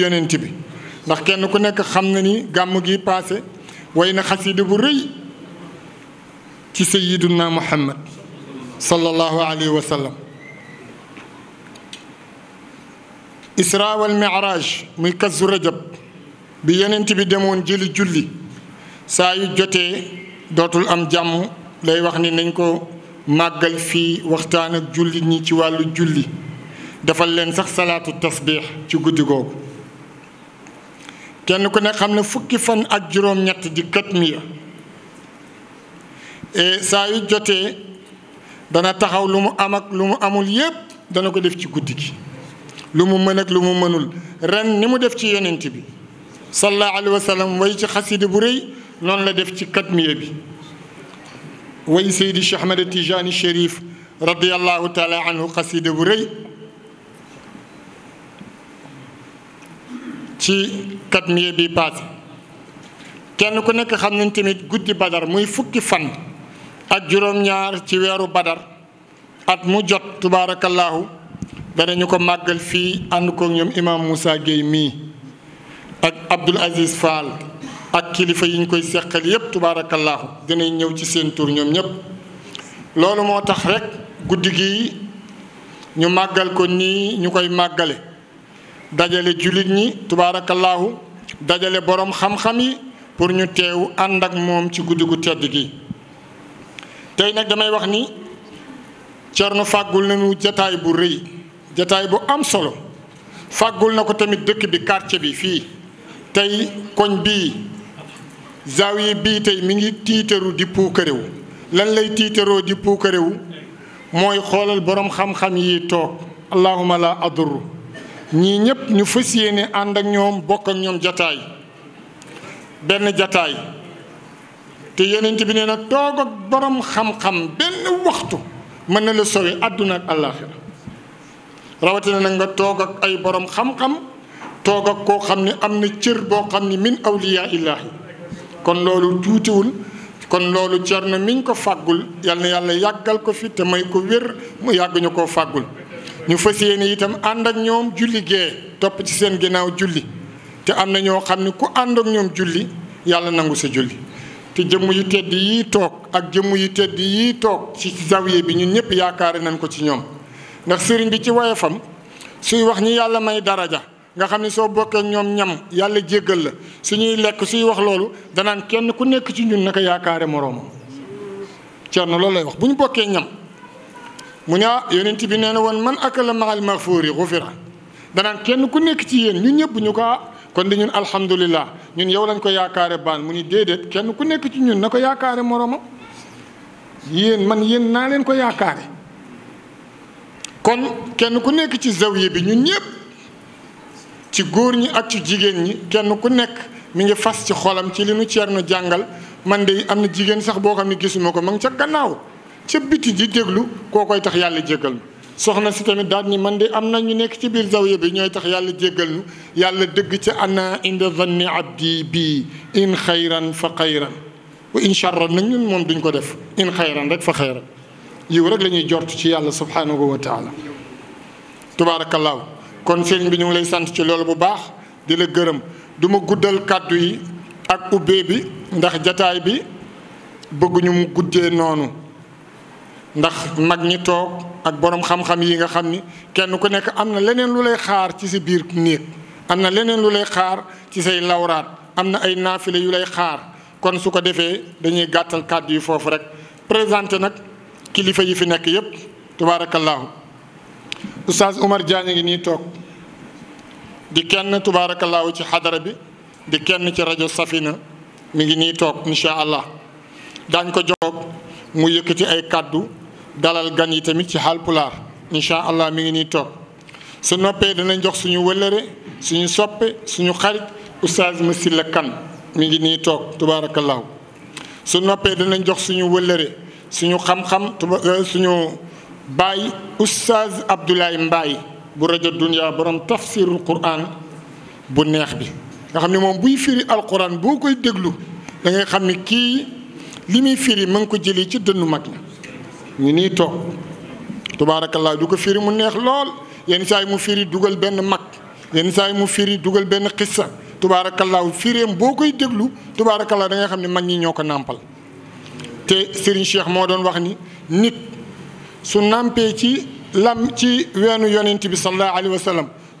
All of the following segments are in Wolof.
yonent bi ndax kenn ku nek xam nga ni gam gi passé way na xasida bu reuy ci sayyiduna muhammad sallallahu alayhi wa sallam isra wal mi'raj muy kazu rajab bi yonent bi demone jëli julli sa yu jotee dotul am jàmm lay wax ni nañ ko magal fi waxtaan ak julli ñi ci walu julli defal len sax salatu tasbih ci guddi googu kenn ku ne xam ne fukki fan ak juróom-ñett di kët mi ya saa yu jotee dana taxaw lu mu am ak lu mu amul yépp dana ko def ci guddi gi lu mu mën ak lu mu mënul ren ni mu def ci yonent bi sallallahu alayhi wa sallam way ci xasida bu rëy noonu la def ci katmiya bi way seydi Cheikh Ahmad Tijani Chérif radiallahu taala anhu xasida bu rëy ci katmiye bi passé kenn ku nekk xam nañ tamit guddi badar muy fukki fan ak juróom-ñaar ci weeru badar at mu jot tubaarakallaahu ñu ko màggal fii ànd ko ñoom imam Moussa Gueye mii ak Abdoul Aziz Fall ak kilifa yi ñu koy seqal yépp tubaarakallaahu dinañ ñëw ci seen tur ñoom ñépp loolu moo tax rekk guddi gi ñu màggal ko nii ñu koy màggale dajale jullit ñi tubaarakallaahu dajale boroom xam-xam yi pour ñu teew ànd ak moom ci guddi gu tedd gi tey nag damay wax ni Cerno fàggul nañu jataay bu rëy jataay bu am solo fàggul na ko tamit dëkk bi quartier bi fii tey koñ bii zaawiye bii tey mi ngi tiitaru di puukarewu lan lay tiitaroo di puukarewu mooy xoolal boroom xam-xam yi toog allahuma la aduru ñii ñëpp ñu fas yéene ànd ak ñoom bokk ñoom jataay benn jataay te yenent bi nee toog ak boroom xam-xam benn waxtu mën na la sori àdduna ak àllaaxira rawatina na nga toog ak ay boroom xam-xam toog ak koo xam ne am na cër boo xam ne min awliyaa illaahi kon loolu tuutiwul kon loolu cer na miñ ko fàggul yal yàlla yàggal ko fi te may ko wér mu yàgg koo fàggul ñu fas yéene itam ànd ak ñoom julli gee topp ci seen ginnaaw julli te am na ñoo xam ne ku ànd ak ñoom julli yàlla nangu sa julli te jëmm yu tedd yii toog ak jëmm yu tedd yii toog ci zawiye bi ñu ñëpp yaakaare nañ ko ci ñoom ndax sëriñ bi ci woye fam suy wax ñi yàlla may daraja nga xam ne soo bokkee ñoom ñam yàlla jéggal la suñuy lekk suy wax loolu danaan kenn ku nekk ci ñun naka yaakaare moroomam na loolu lay wax bu ñu bokkee ñam. mu ne ah yonent bi nee na woon man ak akala maal maxfuuri xufira danaan kenn ku nekk ci yéen ñun ñëpp ñu ko ah kon di ñun alhamdulilah ñun yow lañ ko yaakaare baan mu ni déedéet kenn ku nekk ci ñun na ko yaakaare moroomam yéen man yéen naa leen ko yaakaare kon kenn ku nekk ci zawiya bi ñun ñëpp ci góor ñi ak ci jigéen ñi kenn ku nekk mu ngi fas ci xolam ci li nu Ceerno jàngal man de am na jigéen sax boo xam ne gisuma ko mag ngi ca gannaaw ca biti ji déglu koo koy tax yàlla jéggal soxna si tamit daal ni man de am na ñu nekk ci biir zawiya bi ñooy tax yàlla jéggal yàlla dëgg ca ana inda zanni abdi bii in xayran fa xayran wa in nag moom duñ ko def in xayran rek fa xayran yiw rek la jort ci yàlla subhanahu wa taala tubaarakallaahu kon sëriñ bi ñu ngi lay sant ci loolu bu baax di la gërëm duma guddal kàddu yi ak ubbee bi ndax jataay bi bëgguñu mu guddee noonu ndax mag ñi tok ak borom xam-xam yi nga xam ni kenn ku nekk amna leneen lu lay xaar ci sa biir neek amna leneen lu lay xaar ci say lawraat amna ay naafile yu lay xaar kon su ko defee dañuy gàttal kàddu yi foofu rek présenté nag kilifa yi fi nekk yépp tubaarakallaahu oustaz Oumar Diagne ngi nii toog di kenn tubaarakallaahu ci xadara bi di kenn ci rajo Safina mi ngi nii toog incha allah daañ ko jox mu yëkkati ay kàddu dalal gan yi tamit ci Haalpulaar incha allah mi ngi nii toog su noppee danañ jox suñu wëllëre suñu soppe suñu xarit oustaz Massyla kan mi ngi nii toog tubaarakallaahu su noppee danañ jox suñu wëllëre suñu xam-xam tuba euh, suñu baay oustaz Abdoulaye Mbaye bu rajo Dunya borom tafsirul Quran bu neex bi nga xam ne moom buy firi alquran boo koy déglu da xam ni kii. li muy firi ma ngi ko jëlee ci dënnu mag ñi ñu nii toog tubaarakallaa du ko firi mu neex lool yenn saa yi mu firi dugal benn mag yenn saa yi mu firi dugal benn xissa tubaarakallaa firéem boo koy déglu tubaarakallaa da nga xam ne mag ñi ñoo ko nàmpal te Serigne Cheikh moo doon wax ni nit su nàmpee ci lam ci weenu yonent bi sallallahu alayhi wa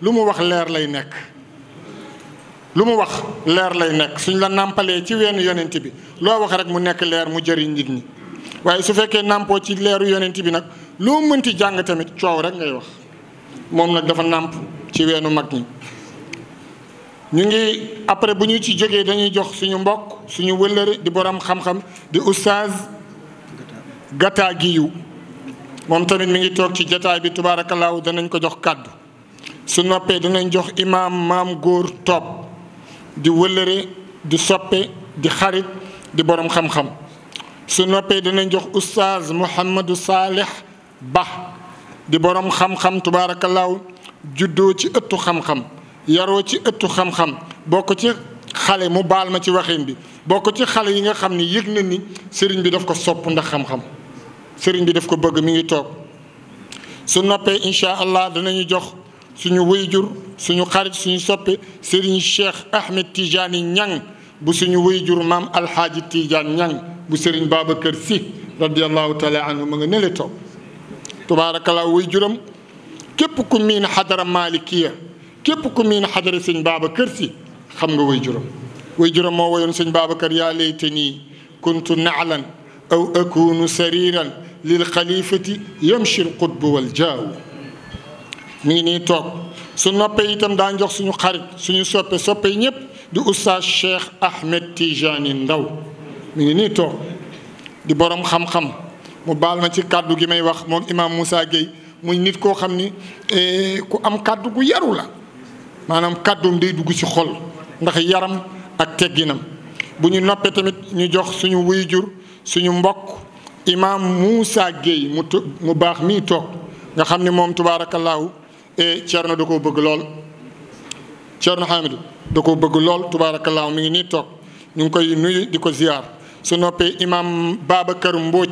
lu mu wax leer lay nekk lu mu wax leer lay nekk suñ la nàmpalee ci weenu yonent bi loo wax rek mu nekk leer mu jëriñ nit ñi waaye su fekkee nàmpoo ci leeru yonent bi nag loo mënti jàng tamit coow rek ngay wax moom nag dafa nàmp ci weenu mag ñi ñu ngi après bu ñu ci jógee dañuy jox suñu mbokk suñu wëllëre di borom xam-xam di oustaz Gata Guiyu moom tamit mi ngi toog ci jataay bi tubaarakallaahu danañ ko jox kàddu su noppee danañ jox imaam maam góor topp di wëllëre di soppe di xarit di boroom xam-xam su noppee dinañ jox oustaz Mouhamadou Salih Ba di boroom xam-xam tubaarakallaaw juddoo ci ëttu xam-xam yaroo ci ëtt xam-xam ko ci xale mu baal ma ci waxin bi boo ko ci xale yi nga xam ni yëg na ni sëriñ bi daf ko sopp ndax xam-xam sëriñ bi daf ko bëgg mi ngi toog su noppee incha allah danañu jox. suñu wayjur suñu xarit suñu soppe Serigne Cheikh Ahmed Tidiane ñang bu suñu wayjur maam Alxaaji Tidiane ñang bu Serigne Babacar Sy radiallahu taala anhu ma nga nele toog tubarakallah wayjuram kep ku min hadra malikiya kep ku min hadra serigne Babacar si xam nga wayjuram wayjuram mo wayon serigne Babacar ya laytani kuntu na'lan aw akunu sariran lil xalifati yamshi al qutb wal jaaw mi ngi nii toog su noppee itam daa jox suñu xarit suñu soppe soppe ñëpp di oustaz Cheikh Ahmed Tijani Ndaw mi ngi nii toog di borom xam-xam mu baal na ci kàddu gi may wax moom imaam Moussa Gueye muy nit koo xam ni eh, ku am kàddu gu yaru la maanaam kàddum day dugg ci xol ndax yaram ak tegginam bu ñu noppee tamit ñu jox suñu wuy jur suñu mbokk imaam Moussa Gueye mu mu baax mii toog nga xam ni moom tubaarakallaahu e Thierno da koo bëgg lool Thierno Hamidou da ko bëgg lool tubarakallah mi ngi nii ñu koy nuyu di ziar su noppé imam babakar mbooj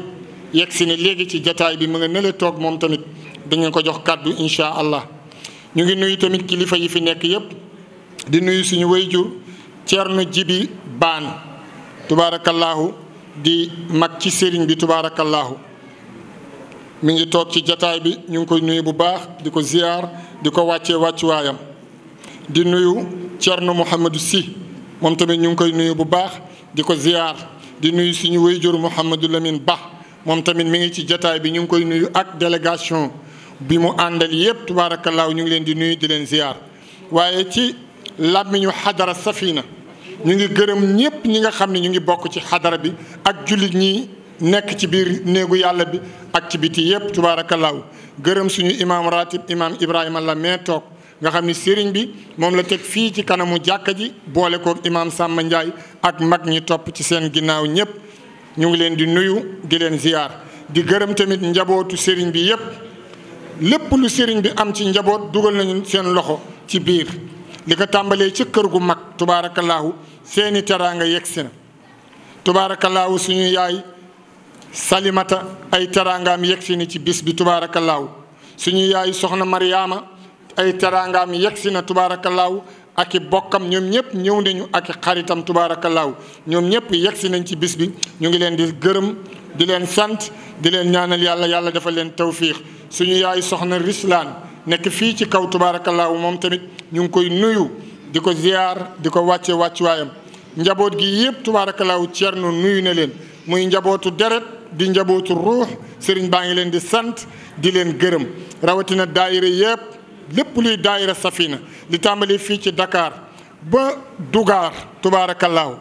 yegg ne ci jotaay bi mu neele tok mom tamit ko jox inshallah allah ñu ngi nuyu tamit kilifa yi fi nekk yépp di nuyu suñu wayjur Thierno Jibi ban tubarakallah di mak ci serigne bi tubarakallah mi ngi toog ci jataay bi ñu ngi koy nuyu bu baax di ko ziyaar di ko wàccee wàccuwaayam di nuyu Thierno Mouhamadou si moom tamit ñu ngi koy nuyu bu baax di ko ziyaar di nuyu suñu wéyjur Mouhamadou Lamine Ba moom tamit mu ngi ci jataay bi ñu ngi koy nuyu ak délégation bi mu àndal yépp tubaarakallaahu ñu ngi leen di nuyu di leen ziyaar waaye ci làmmiñu xadara safina ñu ngi gërëm ñépp ñi nga xam ne ñu ngi bokk ci xadara bi ak jullit ñi nekk ci biir néegu yàlla bi ak ci biti yëpp tubaarakallaahu gërëm suñu imaam ratib imaam Ibrahima la mee toog nga xam ni sëriñ bi moom la teg fii ci kanamu jàkka ji boole koog imaam Samba ak mag ñi topp ci seen ginnaaw ñëpp ñu ngi leen di nuyu di leen ziyaar di gërëm tamit njabootu sëriñ bi yëpp lépp lu sëriñ bi am ci njaboot dugal nañu seen loxo ci biir li ko tàmbalee ci kër gu mag tubaarakallaahu seeni teraanga yegg si na tubaarakallaahu suñu salimata ay teraangaam yegg si na ci bis bi tubaarakallaahu suñu yaayu soxna mariyaama ay teraangaam yegg si na tubaarakallaahu ak i bokkam ñoom ñëpp ñëw nañu ak i xaritam tubaarakallaahu ñoom ñëpp yegg si nañ ci bis bi ñu ngi leen di gërëm di leen sant di leen ñaanal yàlla yàlla dafa leen tawfiix suñu yaayu soxna rislaan nekk fii ci kaw tubaarakallaahu moom tamit ñu ngi koy nuyu di ko ziyaar di ko wàcce wàccuwaayam njaboot gi yëpp tubaarakallaahu ceerno nuyu na leen muy njabootu deret di njabootu ruux sëriñ baa ngi leen di sant di leen gërëm rawatina daayira yëpp lépp luy daayira safiina li tàmbali fii ci dakaar ba Dugaar tubaarakallaahu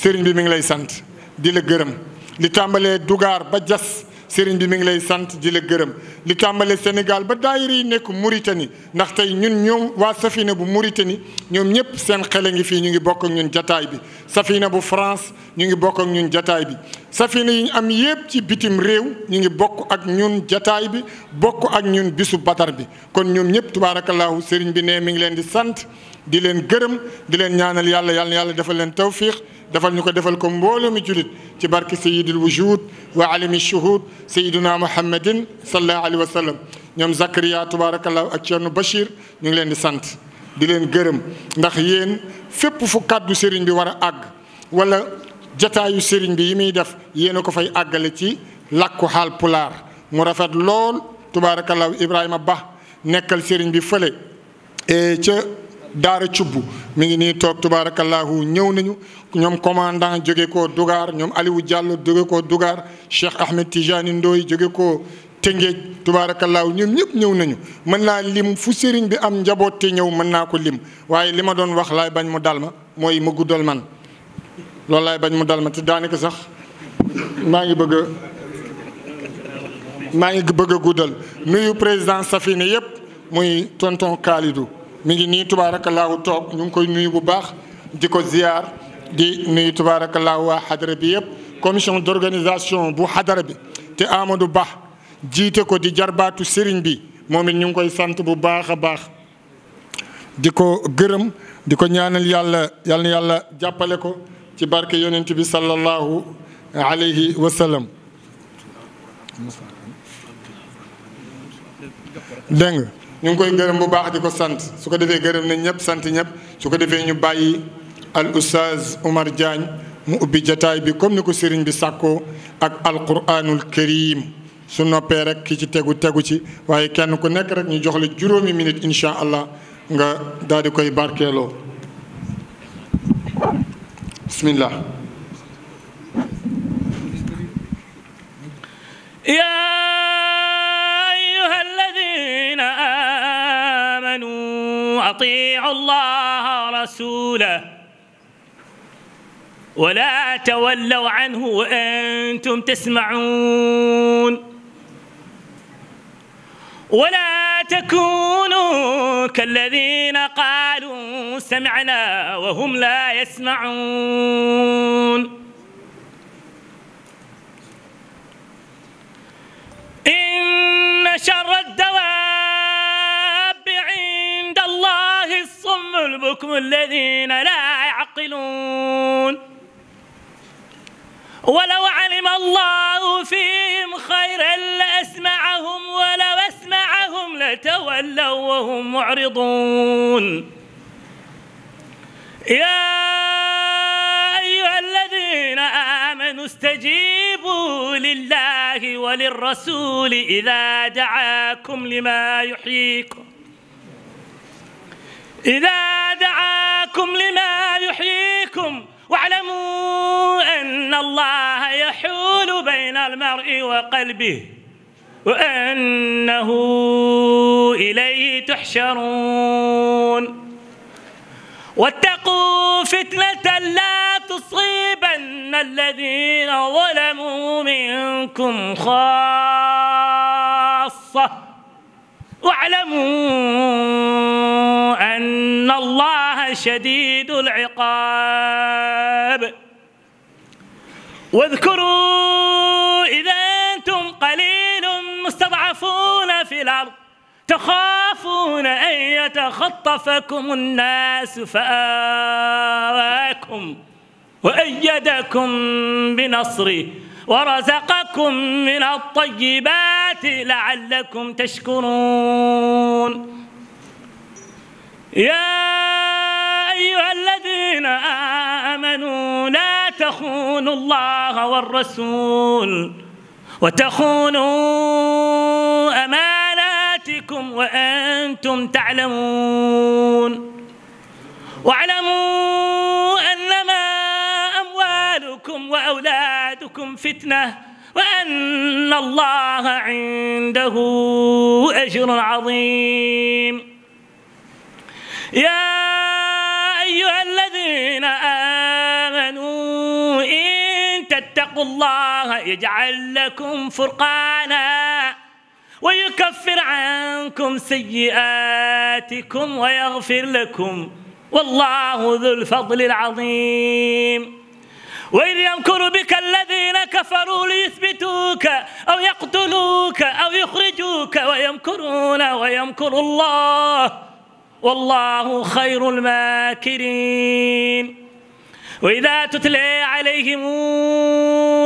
sëriñ bi mu ngi lay sant di la gërëm li tàmbalee Dugaar ba Jas sëriñ bi mi ngi lay sant di la gërëm li tàmbale Sénégal ba daayira yi nekk Mauritanie ndax tey ñun ñoom waa safina bu Mauritanie ñoom ñëpp seen xele ngi fii ñu ngi bokk ak ñun jataay bi safina bu France ñu ngi bokk ak ñun jataay bi safina yi ñu am yëpp ci bitim réew ñu ngi bokk ak ñun jataay bi bokk ak ñun bisu batar bi kon ñoom ñëpp tubaarakallaahu sëriñ bi ne mi ngi leen di sant di leen gërëm di leen ñaanal yàlla yàlla yàlla defal leen tawfiix defal ñu ko defal ko mbooloo mi julit ci barke sayidil wujud wa alimi shuhud sayidina muhammadin sallallahu alayhi wa sallam ñoom Zakaria tubaarakallahu ak Thierno Bachir ñu ngi leen di sant di leen gërëm ndax yéen fépp fu kàddu sëriñ bi war a àgg wala jataayu sëriñ bi yi muy def yéen a ko fay àggale ci làkku xaal pulaar mu rafet lool tubaarakallahu Ibrahima Ba nekkal sëriñ bi fële ca daara cubb mi ngi nii toog tubaarakallaahu ñëw nañu ñoom commandant jóge koo Dugar ñoom Aliou Diallo jóge koo Dugar Cheikh Ahmed Tijani Ndoye jóge koo Tëngéej tubaarakallaahu ñoom ñëpp ñëw nañu mën naa lim fu sëriñ bi am njaboot te ñëw mën naa ko lim waaye li ma doon wax laay bañ mu dal ma mooy ma guddal man loolu laay bañ mu dal ma te daanaka sax maa ngi bëgg maa ngi bëgg a guddal nuyu président Safina yëpp muy tonton Kalidou mi ngi nii tubaarakallaahu toog ñu ngi koy nuyu bu baax di ko ziyaar di nuyu tubaarakallaahu waa xadara bi yëpp commission d'organisation bu xadara bi te Amadou Ba jiite ko di jarbaatu sëriñ bi moom it ñu ngi koy sant bu baax a baax di ko gërëm di ko ñaanal yàlla yal yàlla jàppale ko ci barke yonent bi sallallahu alayhi wa sallam dégg ñu ngi koy gërëm bu baax di ko sant su ko defee gërëm nañ ñëpp sant ñëpp su ko defee ñu bàyyi al oustaz Oumar Diagne mu ubbi jataay bi comme ni ko sëriñ bi sàkkoo ak alquranul karim su noppee rek ki ci tegu tegu ci waaye kenn ku nekk rek ñu jox la juróomi minute incha allah nga daal di koy barkeeloo bismillah أطيعوا الله ورسوله ولا تولوا عنه وأنتم تسمعون ولا تكونوا كالذين قالوا سمعنا وهم لا يسمعون إن شر الدواب البكم الذين لا يعقلون ولو علم الله فيهم خيرا لأسمعهم ولو أسمعهم لتولوا وهم معرضون يا أيها الذين آمنوا استجيبوا لله وللرسول إذا دعاكم لما يحييكم إذا دعاكم لما يحييكم واعلموا أن الله يحول بين المرء وقلبه وأنه إليه تحشرون واتقوا فتنة لا تصيبن الذين ظلموا منكم خاصة واعلموا أن الله شديد العقاب واذكروا إذا أنتم قليل مستضعفون في الأرض تخافون أن يتخطفكم الناس فآواكم وأيدكم بنصره ورزقكم من الطيبات لعلكم تشكرون يا أيها الذين آمنوا لا تخونوا الله والرسول وتخونوا أماناتكم وأنتم تعلمون واعلموا أنما أموالكم وأولادكم فتنة وأن الله عنده أجر عظيم يا أيها الذين آمنوا إن تتقوا الله يجعل لكم فرقانا ويكفر عنكم سيئاتكم ويغفر لكم والله ذو الفضل العظيم وإذ يمكر بك الذين كفروا ليثبتوك أو يقتلوك أو يخرجوك ويمكرون ويمكر الله والله خير الماكرين وإذا تتلى عليهم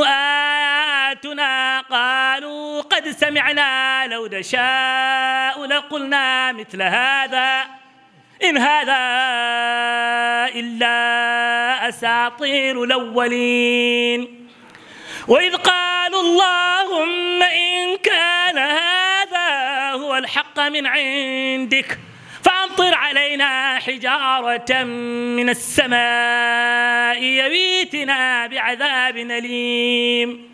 آياتنا قالوا قد سمعنا لو نشاء لقلنا مثل هذا إن هذا إلا أساطير الأولين وإذ قالوا اللهم إن كان هذا هو الحق من عندك فأمطر علينا حجارة من السماء يبيتنا بعذاب أليم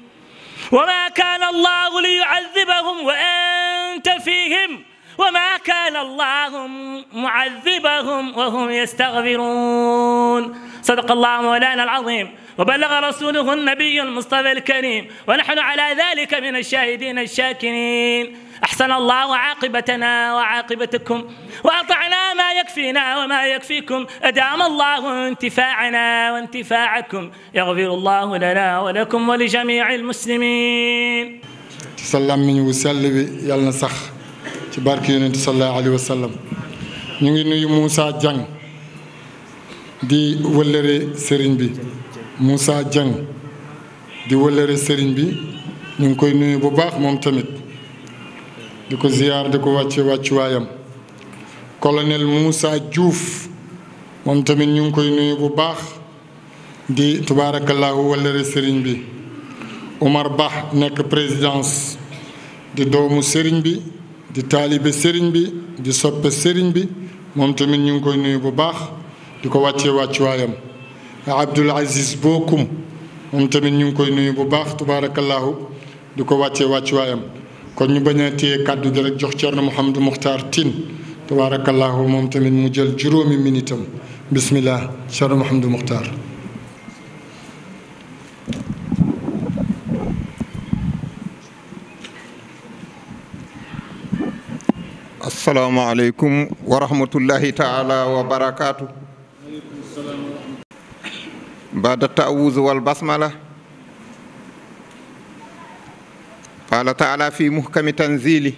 وما كان الله ليعذبهم وأنت فيهم وما كان الله معذبهم وهم يستغفرون صدق الله مولانا العظيم وبلغ رسوله النبي المصطفى الكريم ونحن على ذلك من الشاهدين الشاكرين أحسن الله عاقبتنا وعاقبتكم وأطعنا ما يكفينا وما يكفيكم أدام الله انتفاعنا وانتفاعكم يغفر الله لنا ولكم ولجميع المسلمين سلام من وسلم يلنا صخ ci barke yonent sallallahu alayhi wa sallam ñu ngi nuyu Moussa Dieng di wëllëre sëriñ bi Moussa Dieng di wëllëre sëriñ bi ñu ngi koy nuyu bu baax moom tamit di ko ziyaar di ko wàcce wàccuwaayam colonel Moussa Diouf moom tamit ñu ngi koy nuyu bu baax di tubaarakallaahu wëllëre sëriñ bi Omar Ba nekk présidence di doomu sëriñ bi di talibé serigne bi di soppe serigne bi mom tamit ñu ngi koy nuyu bu baax diko waccé waccu wayam abdul Aziz Bokum mom tamit ñu ngi koy nuyu bu baax tubaarakallaahu diko waccé waccu wayam kon ñu bañé a kàddu gi rek jox Thierno Mouhamadou Mokhtar Tine tubaarakallaahu mom tamit mu jël juróomi minitam bismillah Thierno mohammed mukhtar السلام عليكم ورحمة الله تعالى وبركاته بعد taawuz wal قال تعالى في محكم تنزيله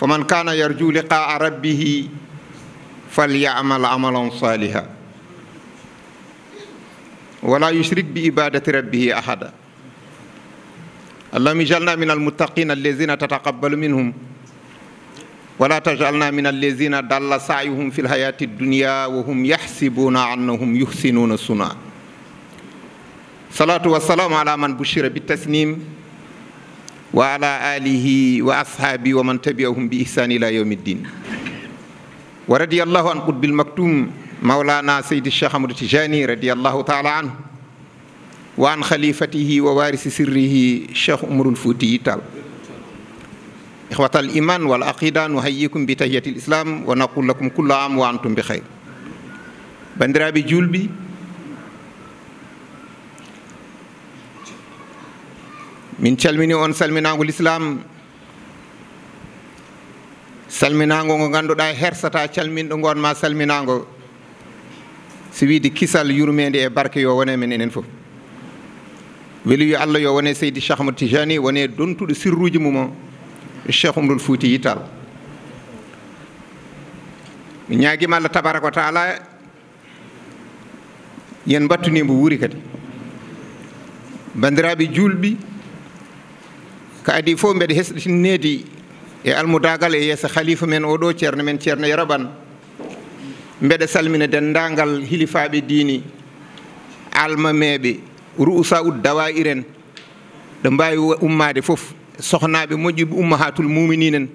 فمن كان يرجو لقاء ربه فليعمل عملا صالحا ولا يشرك بإبادة ربه أحدا اللهم اجعلنا من المتقين الذين تتقبل منهم ولا تجعلنا من الذين دل سعيهم في الحياة الدنيا وهم يحسبون أنهم يحسنون صنعا صلاة والسلام على من بشر بالتسنيم وعلى آله وأصحابه ومن تبعهم بإحسان إلى يوم الدين ورضي الله عن قد بالمكتوم مولانا سيد الشيخ حمد تجاني رضي الله تعالى عنه وعن خليفته ووارث سره الشيخ عمر الفوتي تعالى إخوة الإيمان والعقيدة نهيكم بتهية الإسلام ونقول لكم كل عام وأنتم بخير بندرابي جولبي من تلميني أن سلمنا الإسلام سلمنا أنغو غاندو داي هرساتا تلمين دونغوان ما سلمنا أنغو سيدي دي كيسال يرمين دي بارك يو من إننفو ولي الله يو وني سيدي شخم التجاني دون تود سروج مومان cheikh umrul fuutiyi tall ñaagi ñaguima allah tabaraka wa taala yen wuri kat bandira bi julbi ka adi fof hesdi hesɗitinnedi e almudagal e yeeso khalifa men do cierne men cierne yaraban mbeɗa salmina dini alma mebe ruusa ud dawa iren ɗo mbawi ummade fof sohnaɓe moƴƴuɓe ummahatul muminin en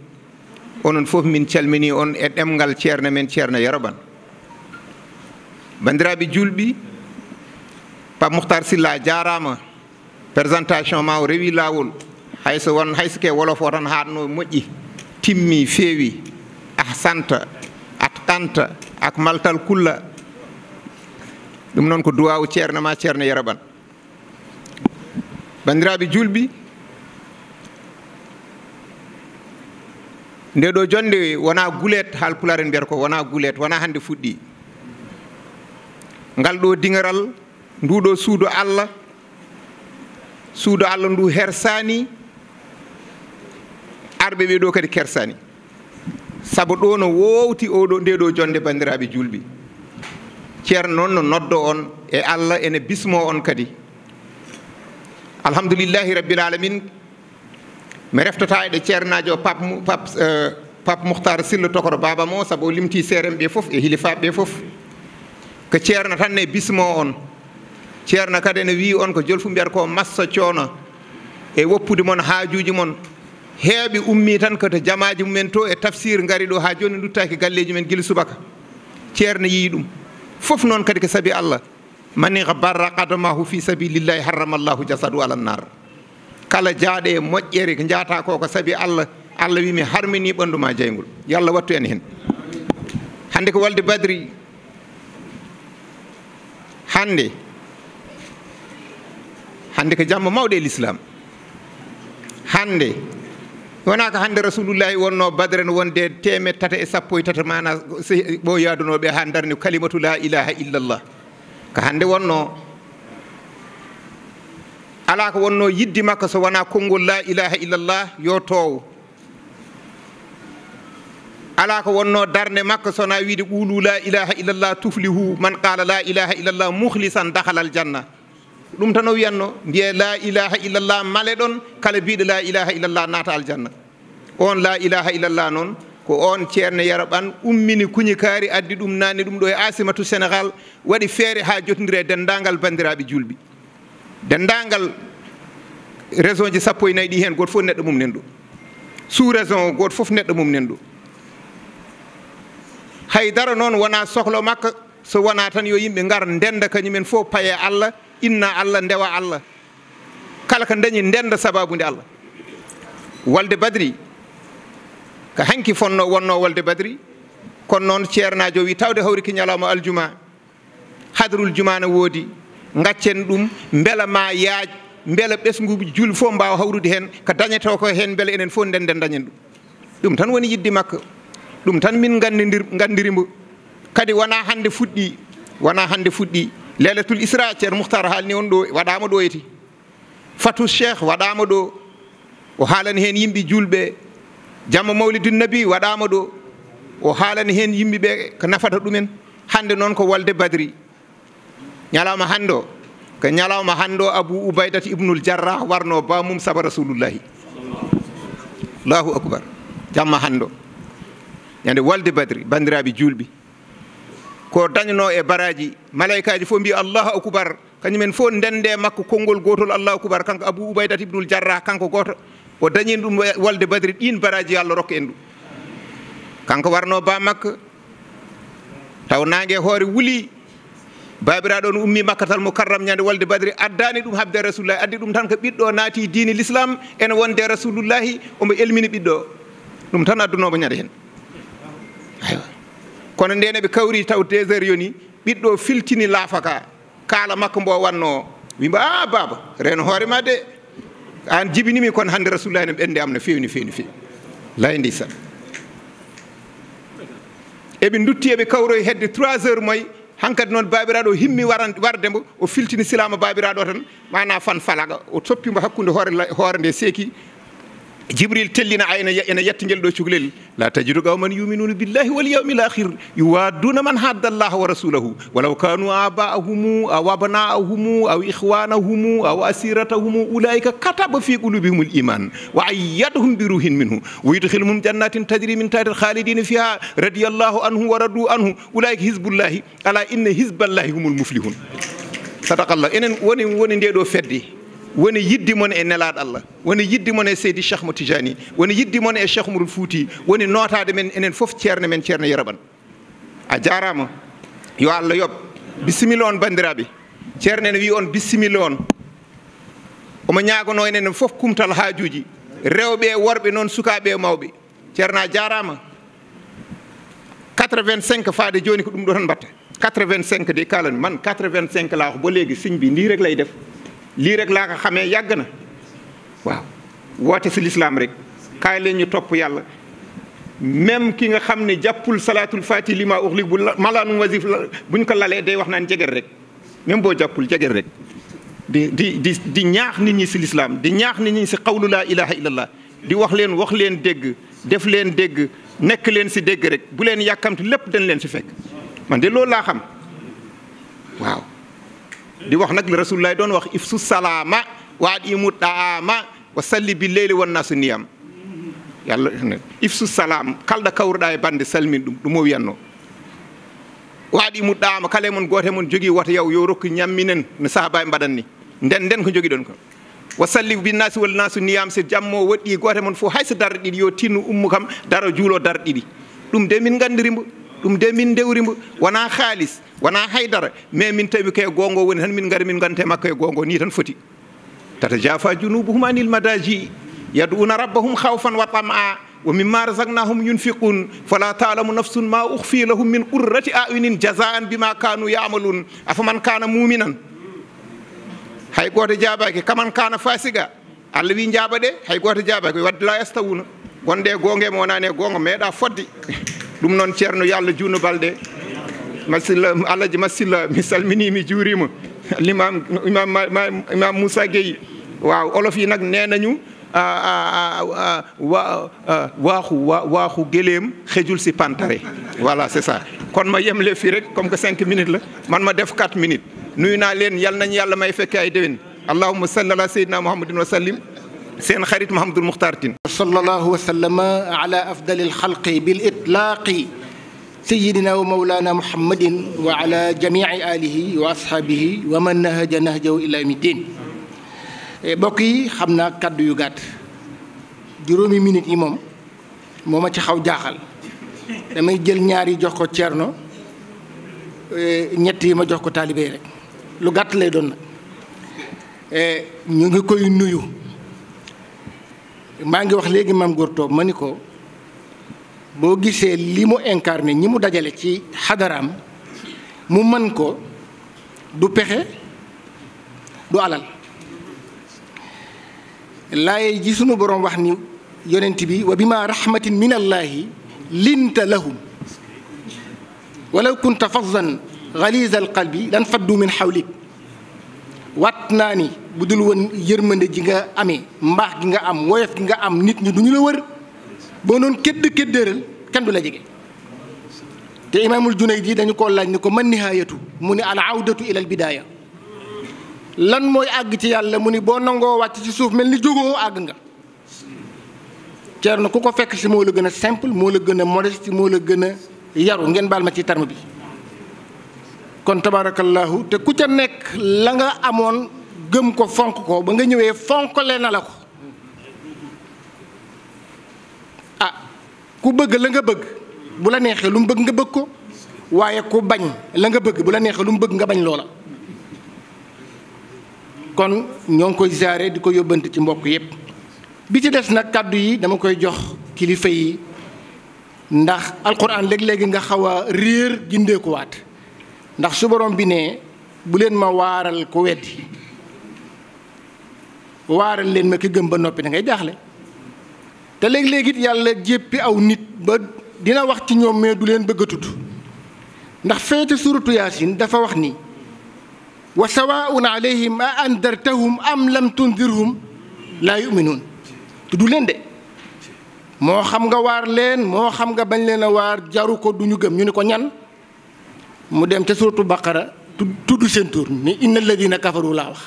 onon foof min calmini on e ɗemgal ceerno men ceerno yaroban bandiraɓe julɓi pape mouhtar silla jarama présentation ma o rewi lawol hayso won hayso ke wolofo tan hanno moƴƴi timmi fewi a santa at kanta ak maltal kulla ɗum noon ko duwawu ceerno ma ceerno yaroban bandiraɓe julɓi nde ɗo jonde wona gulet hal pulare mbiyata ko wona gulet wona hannde fuɗɗi ngal ɗo diŋaral nduɗo suudo allah suudo allah ndu hersani arɓe ɓe ɗo kadi kersani saabu ɗo no wowti oɗo nde ɗo jonde bandiraɓe julɓi ceerno noon no noddo on e allah ene bismo on kadi alhamdulillahi rabbil alamin mi reftata eɗe ceernajo papp pap mouhtar eh, sillo tokoro baba mo saabu o limti seerem ɓe fof e hilifaɓe ɓe fof ko ceerna tan ne bismo on ceerna kadi ene wi on ko jolfu mbiyata ko massa coono e woppude moon haajuji moon heeɓe ummi tan koto jamaji mumen to e tafsir ngari ɗo ha joni duttaki galleji men guila subaka ceerna yii ɗum fof noon kadi ko saabi allah manihabarra adamahu fi sabilillahi harramallahu jasadu alannar kala jaaɗe e moƴƴere jaata ko ko sabi allah allah wimi harmini ɓanduma jeygol yo allah wattu en hen hande ko walde badri hande hande ko jamma mawɗe e l' islam hande wona ko hande rasulullahi wonno badre ne wonde temed tata e sappo e tata mana ɓo yadunoɓe ha darni kalimatu la ilaha illallah ko hande wonno ala ko wonno yiddi makko so wana kongol la ilaha illallah yo toowo ala ko wonno darne makko na wiide ɓuulu la ilaha illallah tuflihu man qala la ilaha illallah dakhala al janna dum tan o wiyanno mbiye la ilaha illallah male don kala biide la ilaha illallah al janna on la ilaha illallah non ko on cierne yaraban ummini kuñi kari addi dum nani dum do e asimatu sénégal wadi fere ha jotindire dendangal bandirabe julbi dendangal raison ji sappo e nayyi ɗi hen goto foof neɗɗo mum nen ɗo sous raison o goto foof neɗɗo mum nen ɗo haydara noon wona sohla makko so wona tan yo yimɓe gar ndenda kañumen fof paye allah inna allah ndewa allah kala ko dañi ndenda sababude allah walde badri ko hanki fonno wonno walde badri kono noon ceernajo o wi tawde hawri ki ñalawma aljuma hadrul juma ne woodi gaccen ɗum beela ma yaaj beela ɓesgu juli fof mbawa hawrude hen ko dañeto ko hen beela enen fof nden nden dañen ɗum ɗum tan woni yidde makka ɗum tan min gandidir gandirimo kadi wona hande fuɗɗi wona hande fuɗɗi lelatul isra ceerno mouhtar haalni on ɗo waɗama ɗo yeti fatou cheikh waɗama ɗo o haalani hen yimɓe julɓe jamma mawlidou nabi waɗama ɗo o haalani hen yimɓeɓe ko nafata ɗumen hande noon ko walde badri ñalawma hande o ko ñalawma hande o abou oubaydata ibnul jarrah warno bamum saba rasulullahi allahu akbar jamma hande o ñande walde badri bandiraɓe julɓi ko dañano e baraji malaikaji fo mbi allahu akbar kañumen fo ndende makko konngol gotol allahu akbar kanko abou oubaydata ibnul jarrah kanko goto o dañin ɗum walde badri ɗin baraji allah rokka en ɗum kanko warno ba makko taw nangue hoore wuuli babiraɗo no ummi makkatal mo karram ñande wolde badri addani ɗum habde rasulullahi addi ɗum tan ko ɓiɗɗo naati dini l'islam ene wonde rasulullahi omo elmini ɓiɗɗo ɗum tan addunomo ñande hen aywa kono ndeneɓe kawri taw des heures yoni ɓiɗɗo filtini laafa ka kaala makko mbo wanno wimba a ah, baba reno hoorema de an jibinimi kono hande rasulullahi ne ɓende am no fewi no fewi no fewi lay ndisa eɓe dutti eɓe kawroy hedde 3 heures moye hankkadi noon babiraɗo o himmi warde mo o filtini silama babiraɗo tan mana fan falaga o toppimo hakkude hoore hoore nde seeki jibril tellina ayna ene yettigel ɗo cukalel la tajidu qawman yuminuna billahi wal yawmi lahir yuwaduna man hadda llaha wa rasulahu walaw kanu aba'ahumu aw abna'ahumu aw ikhwanahumu aw asiratahumu ulaika kataba fi qulubihim l iman wa ayyadahum bi ruhin minhu wayudkhilhum jannatin tajri min tahti lkhalidina fiha radiallahu anhu wa radu anhu ulaika hizbullahi ala inna hizba llahi hum lmuflihun sadaqa llah enen woni woni ndeɗo fedde woni yidde mon e nelaɗo allah woni yidde mon e seydi cheikh mo tijani woni yidde mon e cheikh mrul fouti woni notade men enen foof ceerno men ceerno yeraɓan a jarama yo allah yoɓ bisimilla on bandiraɓe ceerno ene wi on bisimilla on omo ñagono en enen foof kumtal haajuji rewɓe e worɓe noon sukaɓe e mawɓe ceerno a jarama 85 faade joni ko ɗum ɗo tan mbatta 85 de kalan man 85 la ko bo léegi signe bi ndi rek lay def lii rek laa ko xamee yàgg na waaw woote si lislaam rek kaay leen ñu topp yàlla même ki nga xam ne jàppul salaatul fati lima uxli bu malaanu wasif buñ ko lalee day wax naan jeger rek même boo jàppul jeger rek di di di di ñaax nit ñi si lislaam di ñaax nit ñi si xawlu laa ilaha illallah di wax leen wax leen dégg def leen dégg nekk leen si dégg rek bu leen yàkkamti lépp dañ leen ci fekk man de loolu laa xam waaw di wax nag li rasulullahi doon wax ifsu salaama wa adimu daama wa salli bi leyli wonnaasu niyam yalla ifsu salam kalɗo kawruɗa e bande salmin ɗum ɗum o wiyanno waaɗi muɗɗama kala mon goto mon jogui woto yaw yo rokku ñamminen no sahaba e mbaɗan ni nden nden ko jogui ɗon ko wa salli binnasi wal nasu niyam so jammo woɗɗi goto mon fof hayso darɗe ɗiɗi yo tinno ummu kam daro juulo darɗe ɗiɗi ɗum de min gandirimo dum de min dewrimo wana khalis wana haydara me min tabi koye gongo woni tan min ngari min gante makko e gongo ni tan foti tata jafa junubuhum anil madaji yad'una rabbahum khawfan wa tam'a wa mimma razaqnahum yunfiqun fala ta'lamu nafsun ma ukhfi lahum min qurrati a'yunin jazaan bima kanu ya'malun afaman kana mu'minan hay goto jabaake kaman kana fasiga alwi wi hay goto jabaake wad la yastawuna gonde gonge mo wonani gonga meeɗa foddi ɗum noon ceerno yo allah juutno balɗe masilla alhaji masilla mi salminimi juurima l'imam imam imam moussa gueyi waaw olof yi nag nee nañu wa waaxu wa waaxu gëléem xëjul si pantare voilà c'est ça kon ma yemle fii rek comme que cinq minutes la man ma def quatre minutes nuyu naa leen yal nañu yàlla may fekke ay déwén allahumma salli ala sayyidina muhammadin wa sallim سين خريط محمد المختارتين صلى الله وسلم على أفضل الخلق بالإطلاق سيدنا ومولانا محمد وعلى جميع آله وأصحابه ومن نهج نهجه إلى ميتين بقي خمنا كد يوغات جرومي من إمام موما تخاو جاخل لما يجل نياري جوكو تشيرنو نياتي ما جوكو تالي بيرك لغات لي دون ñu mangi wax léegi mam gor tok maniko bo boo gisee li mu incarné ñi mu dajale ci hadaram mu man ko du pexe du alal laay ji sunu borom wax ni yonent bi wa bima rahmatin min allah linta lahum walaw kunta faddan galiza alqalbi lan faddu min xawlik wat naa ni bu dul woon yërmande ji nga amee mbaax gi nga am woyof gi nga am nit ñi du ñu la wër boo doon kédd kéddëral kenn du la jege te imaamul Junayd yi dañu ko laaj ni ko man nihaayatu mu ni al awdatu ilal bidaaya lan mooy àgg ci yàlla mu ni boo nangoo wàcc ci suuf mel ni jógoo àgg nga ceer na ku ko fekk si moo la gën a simple moo la gën a modeste moo la gën a yaru ngeen baal ma ci terme bi kon tabarakallah te ku ca nek la nga amone gem ko fonk ko ba nga ñëwee fonkale na la ko ah ku bëgg la nga bëgg bu la nexé lu bëgg nga bëgg ko waye ku bañ la nga bëgg bu la nexé lu bëgg nga bañ loola kon ñong izare koy ziaré diko yobënt ci mbokk yépp bi ci dess nak kaddu yi dama koy jox kilifa yi ndax alquran leg leg nga rir a ko wat ndax su borom bi nee bu leen ma waaral ku weddi waaral leen ma ki gëm ba noppi da ngay jaaxle te léeg-léeg yàlla jéppi aw nit ba dina wax ci ñoom mais du leen bëgg a tudd ndax feete suratu yaasin dafa wax ni wa sawaun alayhim a andartahum am lam tundirhum laa yuminuun du leen de moo xam nga waar leen moo xam nga bañ leen a waar jaru ko duñu gëm ñu ni ko ñan mu dem ci suratu baqara tuddu sen tour ni innal ladina kafaru la wax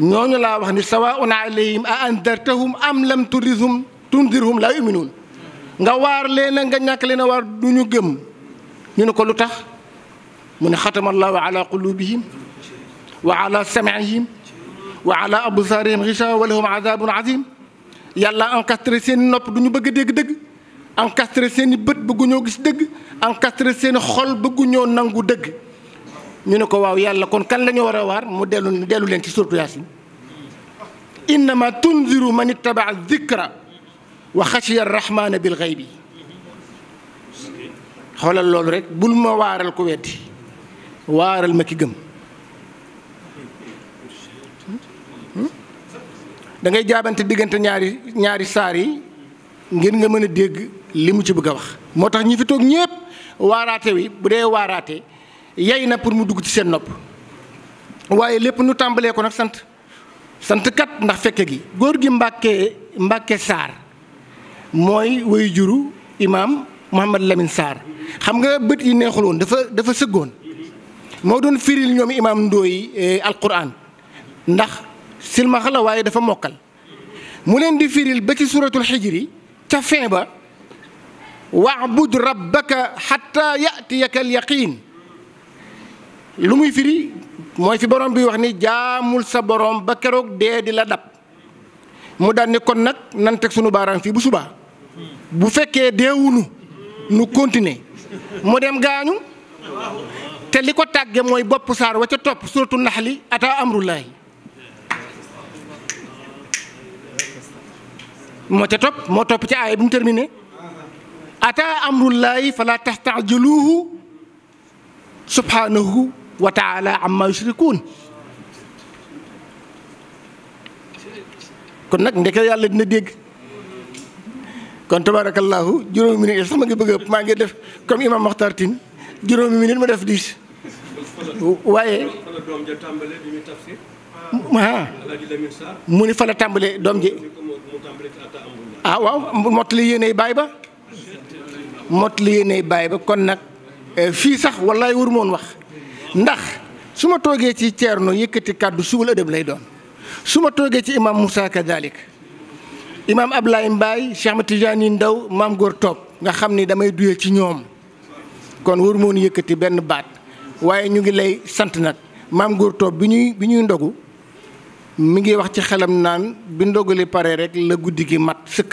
ñoñu la wax ni sawaun alayhim a andartahum am lam turisum tundirhum la yu'minun nga war leena nga ñak leena war duñu gëm ñu ne ko lutax tax mu ne xatama allahu ala qulubihim wa ala samihim wa ala absarihim ghisha wa lahum 'adhabun azim yàlla encastré seen nopp du ñu bëgg deg deg encastré seen i bët bëgguñoo gis dëgg encastré seen i xol bëgguñoo nangu dëgg ñu ne ko waaw yàlla kon kan la war a waar mu dellu dellu leen ci surtu yaasin innama tunziru man ittabaa dikra wa xachiya arrahmana bil xaybi xoolal loolu rek bul ma waaral ko weddi waaral ma ki gëm hmm? hmm? dangay ngay jaabante diggante ñaari ñaari saar yi ngir nga mën a dégg li mu ci bëgg a wax moo tax ñi fi toog ñépp waaraate wi bu dee waaraate yay na pour mu dugg ci seen nopp waaye lépp nu tàmbalee ko nag sant sant kat ndax fekke gi góor gi Mbàkke Mbàkke Sarr mooy woy juru imaam Mouhamad Lamine Sarr xam nga bët yi neexul woon dafa dafa sëggoon moo doon firil ñoom imaam Ndooy eh, alquran ndax silmaxa la waaye dafa mokkal mu leen di firil ba ci suratul xijri ca fin ba wa'bud rabbaka hatta ya'tiyaka al-yaqin lu muy firi moy fi borom bi wax ni jaamul sa borom ba keroog di la dab mu dal ne kon nak nan sunu baram fi bu suba bu fekkee deewunu nu continuer mu dem gañu te liko tagge moy bop sar wa ca top suratul nahli ata amrullahi mo ca top mo top ci ay bu terminer ataa amrullahi fala tastajiluhu subhanahu wa taala amma kon nag ndeke yàlla dina dégg kon tabarakallahu juróomi minute sax ma ngi bëgg ëpp maa ngi def comme imam Mokhtar Tine juróomi minute ma def diis waaye mu ni fa la tàmbalee doom ji ah waaw mottali yéenay baay ba mot li yéenay bàyyi ba kon nag eh, fii sax wallaay waru wax ndax su ma toogee ci Ceerno yëkkati kàddu suul ëdëb lay doon su ma toogee ci imam Moussa kadalik imam Ablaye Mbaye Cheikh Ahmed yu Ndaw maam Góor Toob nga xam ni damay duyee ci ñoom kon wërmoon yëkkati benn baat waaye ñu ngi lay sant nag maam Góor Toob bi ñuy bi ñuy ndogu mu ngi wax ci xelam naan bi ndogali pare rek la guddi gi mat sëkk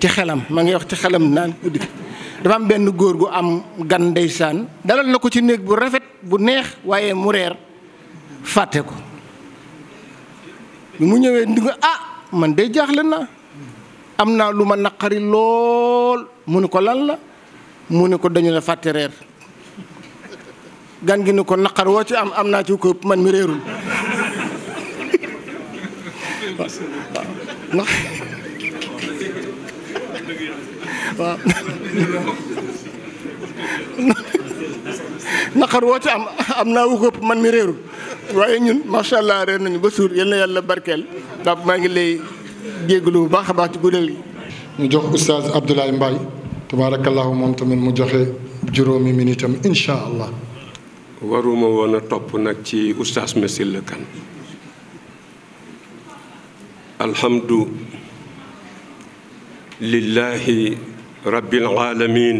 ci xelam ma ngi wax ci xelam naan guddi dafa am benn góor gu am gan ndeysaan dalal na ko ci néeg bu rafet bu neex waaye mu reer fàtte ko bi mu ñëwee ah man day jaaxle na am naa lu ma naqari lool mu ne ko lan la mu ne ko dañu la fàtte reer gan gi ne ko naqar woo ci am am naa ci ko man mi reerul waaw naqar woo ci am am naa wu ko man mi réerul waaye ñun macha allah reer nañu ba suur yal na yàlla barkeel ndax maa ngi lay jégalu bu baax a baax ci guddeel gi. ñu jox oustaz Abdoulaye Mbaye tabaarakallaahu moom tamit mu joxe juróomi minitam incha allah. waruma woon topp nag ci oustaz Massiré Kane alhamdu lillahi رب العالمين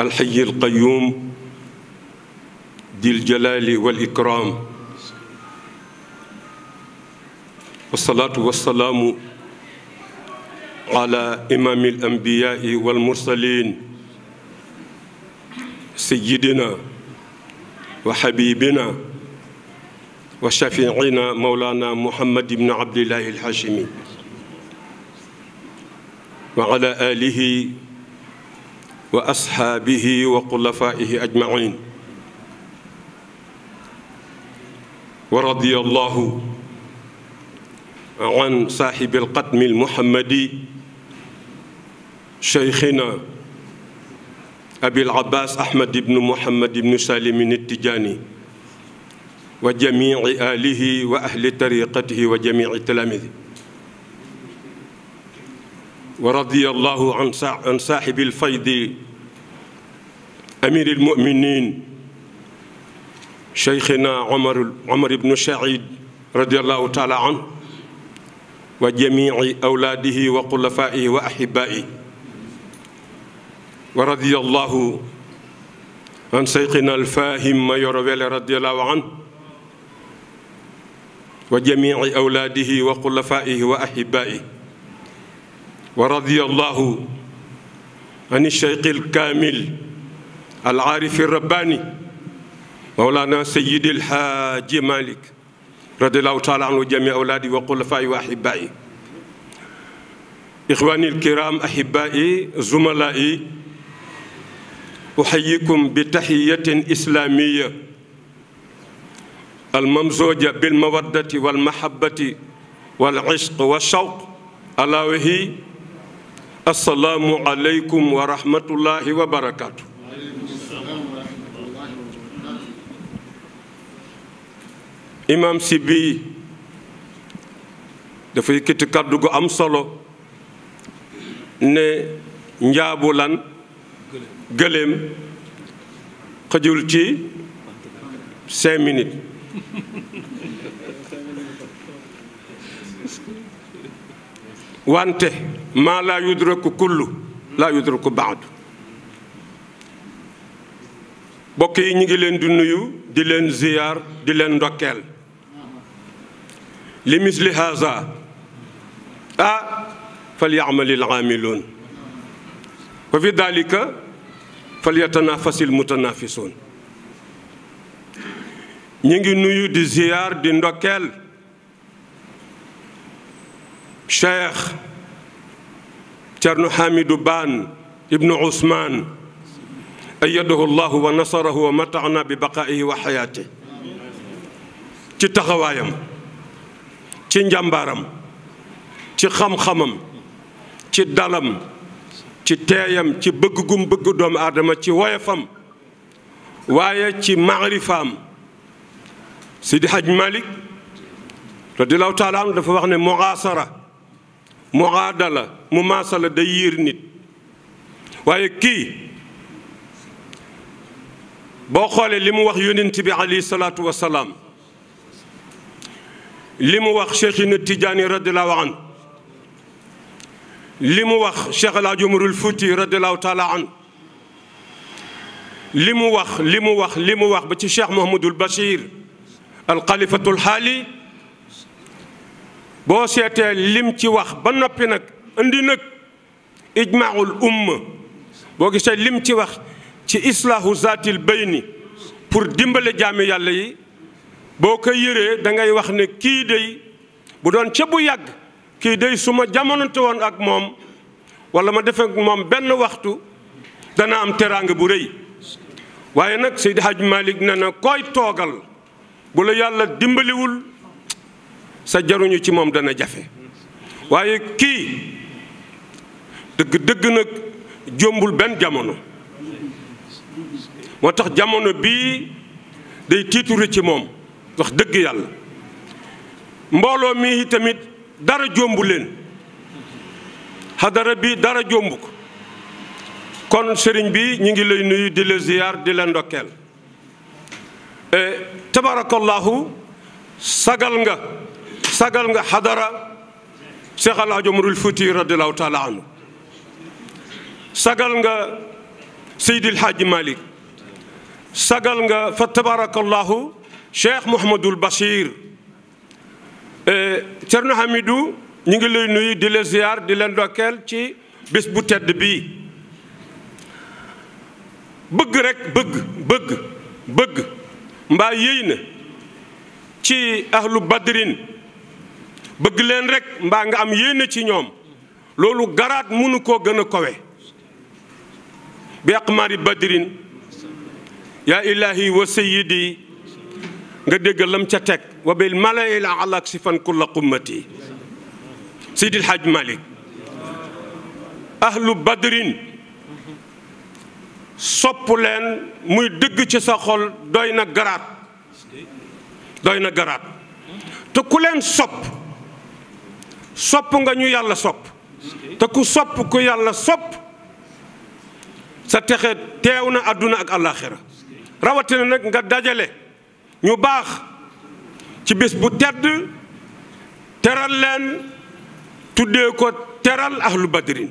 الحي القيوم ذي الجلال والإكرام والصلاة والسلام على إمام الأنبياء والمرسلين سيدنا وحبيبنا وشفيعنا مولانا محمد بن عبد الله الحاشمي وعلى آله وأصحابه وخلفائه أجمعين ورضي الله عن صاحب القتم المحمدي شيخنا أبي العباس أحمد بن محمد بن سالم التجاني وجميع آله وأهل طريقته وجميع تلاميذه ورضي الله عن صاحب الفيض أمير المؤمنين شيخنا عمر عمر بن سعيد رضي الله تعالى عنه وجميع أولاده وقلفائه وأحبائه ورضي الله عن شيخنا الفاهم ما يرويل رضي الله عنه وجميع أولاده وقلفائه وأحبائه ورضي الله عن الشيخ الكامل العارف الرباني مولانا سيد الحاج مالك رضي الله تعالى عنه جميع أولادي وخلفائي وأحبائي إخواني الكرام أحبائي زملائي أحييكم بتحية إسلامية الممزوجة بالمودة والمحبة والعشق والشوق ألا وهي asalaamu aleykum wa wa barakaatu. imaam si bii dafay yëkkati kàddu gu am solo ne njaabu lan gëléem xëjul ci cinq wante maa laa yudraku kullu laa yudraku baadu bokk yi ñu ngi leen di nuyu di leen ziyaar di leen ndokkeel li misli haza ah fal yaamalil aamiluun wa fi dalika fal yatanafasil mutanafisuun ñu ngi nuyu di ziyaar di ndokkeel ceerno hamidou bane ibnu ousmane ayyadahu llahu wa nasarahu wa matana bi baqaihi wa xayaati ci taxawaayam ci njàmbaaram ci xam-xamam ci dalam ci teeyam ci bëgg gum bëgg doomu aadama ci woyafam waaye ci maarifaam sidi haj malik radiallahu taala anhu dafa wax ne muxaasara mu aadala mu maasala day yiir nit waaye kii boo xoolee li mu wax yonent bi alayhi salaatu wa salaam li mu wax Cheikhina Tijaani radiallahu an li mu wax Cheikh El Hadj Umarul Fouti radiallahu taala an li mu wax li mu wax li mu wax ba ci Cheikh Mouhamadul Bachir al Khalifatul Haali boo seetee lim ci wax ba noppi nag indi nag ijmaul umma boo gisee lim ci wax ci islaahu zaatil bayni pour dimbale jaami yàlla yi boo ko yéree dangay wax ne kii day bu doon ca yàgg kii day su ma jamonante woon ak moom walla ma defee moom benn waxtu dana am teraanga bu rëy waaye nag Seydi Hadj Malick ne na koy toogal bu la yàlla dimbaliwul sa jaruñu ci moom dana jafe waaye kii dëgg dëgg nag jombul benn jamono moo tax jamono bii day tiiture ci moom ndax dëgg yàlla mbooloo mi tamit dara jombu leen xadara bi dara jombu ko kon sëriñ bi ñu ngi lay nuyu di la ziyaar di la ndokkeel eh, tabaarakallahu sagal nga sagal nga hadara Cheikh El Hadj futi radhiyallahu taala anhu sagal nga Seydil Hadji Malick sagal nga fa tabarakallah Cheikh bashir Bachir cherno Hamidou ñi ngi lay nuyu di le ziar di len dokel ci bés bu tedd bi bëgg rek bëgg bëgg bëgg mba yeyna ci ahlu badrin bëgg leen rek mbaa nga am yéene ci ñoom loolu garaat mënu koo gën a kowe bi aqmaari badrin ya ilahi wa sayyidi nga dégg lam ca teg wa bil malaa'il alak si fan kulla qummati sidil haj malik ahlu badrin sopp leen muy dëgg ci sa xol doy na garaat doy na garaat te ku leen sopp sopp nga ñu yalla sopp te ku sopp ku yalla sopp sa texe teewna aduna àdduna ak àllaaxira rawatina nak nga dajale ñu bax ci bes bu tedd teral len tuddé ko teral ahlul badrin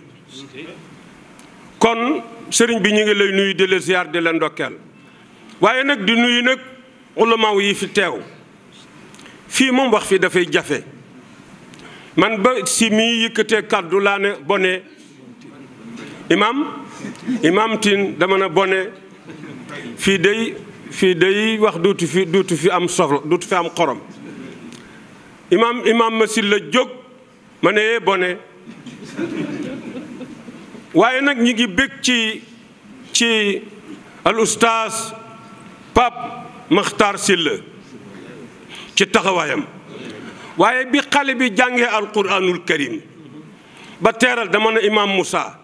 kon serigne bi ñi ngi lay nuyu de le ziar de len dokkel waye nak di nuyu nak ulama yi fi teew fi moom wax fi fay jafé man ba si mii yëkkatee kàddu laa ne bone imam imam tin dama ne bone fii day fii day wax duutu fi duutu fi am soxla duutu fi am xorom imam imam masil la jóg ma ne yee bone waaye nag ñi ngi bég ci ci al oustaz Pape Makhtar Sylla ci taxawaayam waye bi xale bi jàngee alquranul karim ba teral dama ne imam musa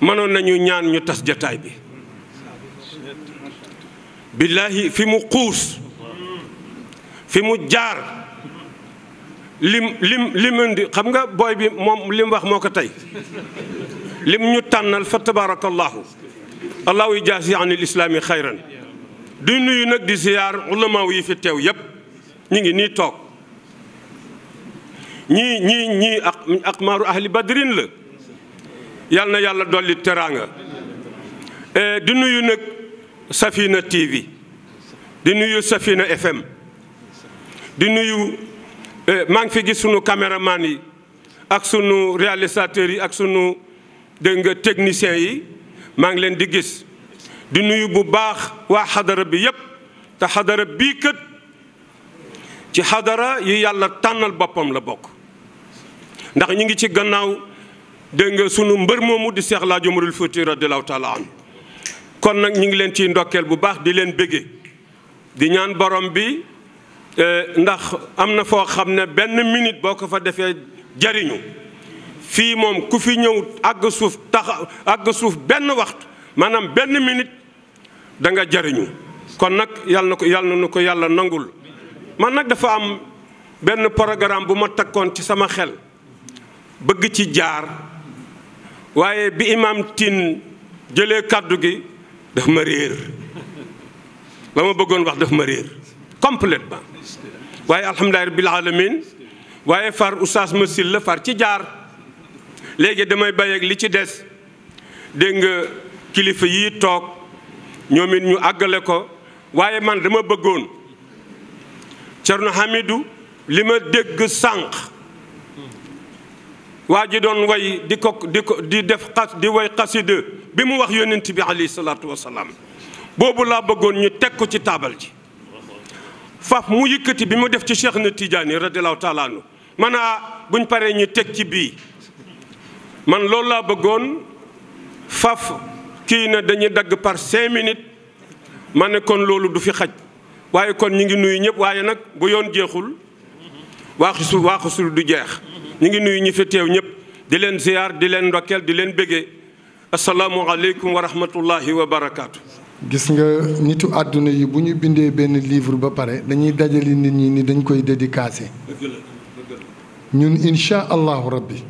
mënoon nañu ñaan ñu tass jotaay bi billahi fi muqus fi mu jaar lim lim limundi xam nga boy bi mom lim wax moko tay lim ñu tanal fa tabarakallahu allah jaasi an al islaami xayran du nuyu nak di ziar ulama wi fi tew yeb ñu ngi nii toog ñii ñii ñii ak ak maaru ahli badrin la yal na yàlla dolli teraanga e, di nuyu nag Safina TV di nuyu Safina FM di nuyu e, maa ngi fi gis sunu caméraman yi ak sunu réalisateurs yi ak sunu dégg nga techniciens yi maa ngi leen di gis di nuyu bu baax waa xadara bi yépp te xadara bii kët ci xadara yi yàlla tànnal boppam la bokk ndax ñu ngi ci gannaaw dégg nga sunu mbër moomu di Seex Laaji Umarul Fuuti radiyallaahu taala an kon nag ñu ngi leen ciy ndokkeel bu baax di leen béggee di ñaan borom bi eh, ndax am na foo xam ne benn minute boo ko fa defee jariñu fii moom ku fi ñëw àgg suuf tax àgg suuf benn waxtu maanaam benn minute danga jariñu kon nag yàlla na ko yàlla na ko yàlla nangul man nag dafa am benn programme bu ma takkoon ci sama xel bëgg ci jaar waaye bi imam tin jëlee kàddu gi dafa ma réer la ma bëggoon wax dafa ma réer complètement waaye alhamdulilah rabbil alamin waaye far oustaz masil la far ci jaar léegi damay bàyyi li ci des dégg nga kilifa yi toog ñoomit ñu àggale ko waaye man dama bëggoon Cerno Hamidou li ma dégg sànq waa ji doon way di ko di ko di def xas di way xasida bi mu wax yonent bi alayhi salaatu wasalaam boobu laa bëggoon ñu teg ko ci taabal ji faf mu yëkkati bi mu def ci Cheikh na Tidiane radiallahu taala anu man buñ paree ñu teg ci bii man loolu laa bëggoon faf kii na dañuy dagg par cinq minutes ma ne kon loolu du fi xaj waaye kon ñu ngi nuyu ñëpp waaye nag bu yoon jeexul waaxusul waaxusul du jeex ñu ngi nuyu ñi fi teew ñëpp di leen ziyaar di leen ndokkeel di leen bëggee asalaamualeykum wa rahmatullahi wa barakaatu. gis nga nitu àdduna yi bu ñu bindee benn livre ba pare dañuy dajale nit ñi ni dañ koy dédicacé ñun incha allahu rabbi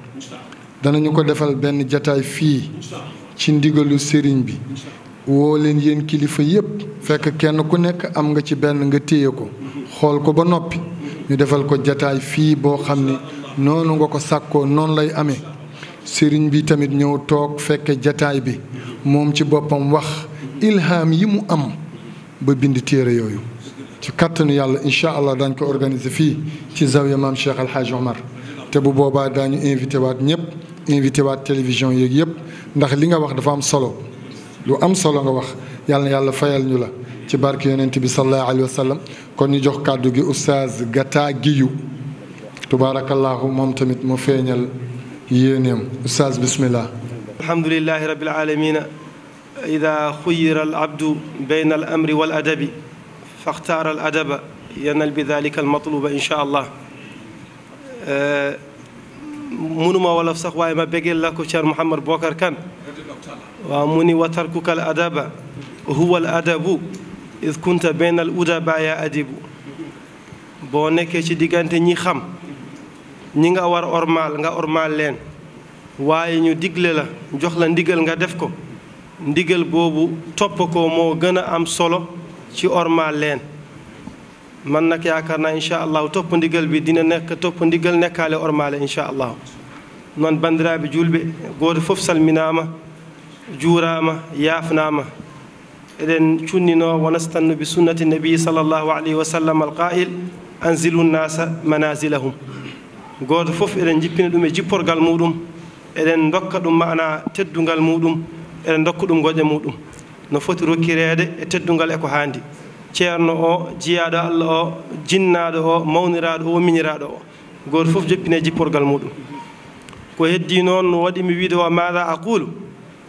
danañu ko defal benn jataay fii ci ndigalu sëriñ bi woo leen yéen kilifa yépp fekk kenn ku nekk am nga ci benn nga téye ko xool ko ba noppi ñu defal ko jataay fii boo xam ne noonu nga ko sàkkoo noonu lay amee sëriñ bi tamit ñëw toog fekk jataay bi moom ci boppam wax ilham yi mu am ba bind téere yooyu ci kàttanu yàlla incha allah daañ ko organiser fii ci zawiya maam Cheikh Omar te bu boobaa daañu invité waat ñëpp invité waat télévision yeeg yëpp ndax li nga wax dafa am solo lu am solo nga wax yàlla na yàlla fayal ñu la ci barki yonent bi sallallahu alayhi wasallam kon ñu jox kàddu gi oustaz Gata Guiyu tabarakallah mom tamit mo feñal yéeneem oustaz bismillah alhamdulillahi rabbil alamin ida xuyira al abdu bayna al amri wal adabi faxtaara al adaba yanal bi dalika al matluba insha allah munuma wolof sax waaye ma bégeel la ko Cheikh Mouhamed Bokar Kane وأمني وتركك الأدب هو الأدب إذ كنت بين الأدباء يا أدب بونك شي ديغانت ني خام نيغا وار اورمال nga اورمال لين واي ني ديغل لا جوخ لا ديغل nga ديفكو ديغل بوبو توبكو مو غنا ام سولو شي اورمال لين man nak yakarna insha allah top ndigal bi dina nek top ndigal nekale ormale insha allah non bandira bi julbe goto fof salminama juurama yafnama eɗen cunnino wonastanno bi sunnati nabi sallllahu alayhi wa sallam alqa'il anzilu nnasa manasilahum goto foof eɗen jippina ɗum e jipporgal muɗum eɗen dokka ɗum mana teddugal muɗum eɗen dokka ɗum goƴe muɗum no foti rokkirede e teddugal eko handi ceerno o jiyaɗo allah o jinnaɗo o mawniraɗo o miniraɗo o goto foof joppine jipporgal muɗum ko heddi noon waɗi mi wiide wa maɗa aqulu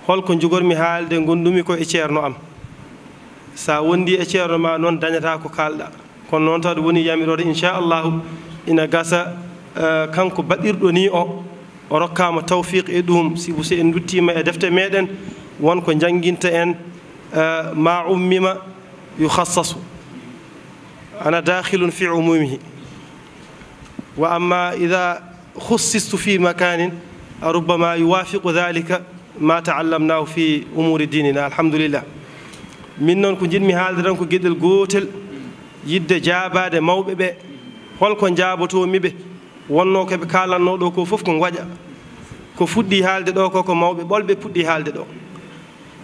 hol ko jogormi haalde gondumi ko e ceerno am sa wondi e ceerno ma non dañata ko kalda kon non tawde woni yamirode allah ina gasa kanko badirdo ni o o rokkama tawfiq e ɗum sibu se en duttima e defte meden won ko janginta en ma ummima yukhassasu ana dakhilun fi umumihi wa amma idha khussistu fi makanin ربما يوافق ذلك ma taallamnahu fi umuri dinina alhamdulillah min noon ko jiɗmi haalde tan ko geɗel gootel yidde jaabaade mawɓe ɓe holko jaabotomiɓe wonno koɓe kalanno ɗo ko fof ko gwaƴa ko fuɗɗi haalde ɗo koko mawɓe ɓolɓe puɗɗi haalde ɗo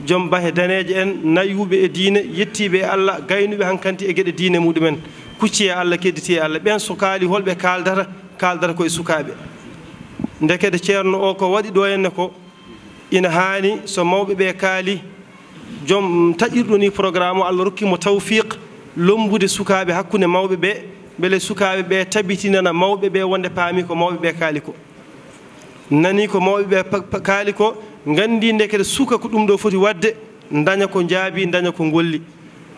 joom bahe daneje en nayuɓe e diine yettiɓe e allah gaynuɓe hankkanti e gueɗe diine muɗumen kucci e allah kedditi e allah ɓen so kaali holɓe kaldata kaldata koye sukaɓe ndekede ceerno o ko waɗi ɗo henne ko ina haani so mawɓe ɓe kaali joom taƴirɗo ni programme o allah rokkimo tawfiq lombude sukaaɓe hakkunde mawɓe ɓe beele sukaaɓe ɓe tabitinana mawɓe ɓe wonde paami ko mawɓe ɓe kaali ko nani ko mawɓe ɓe kaali ko nganndi nde kadi suka ko ɗum ɗo foti waɗde daña ko njaabi daña ko ngolli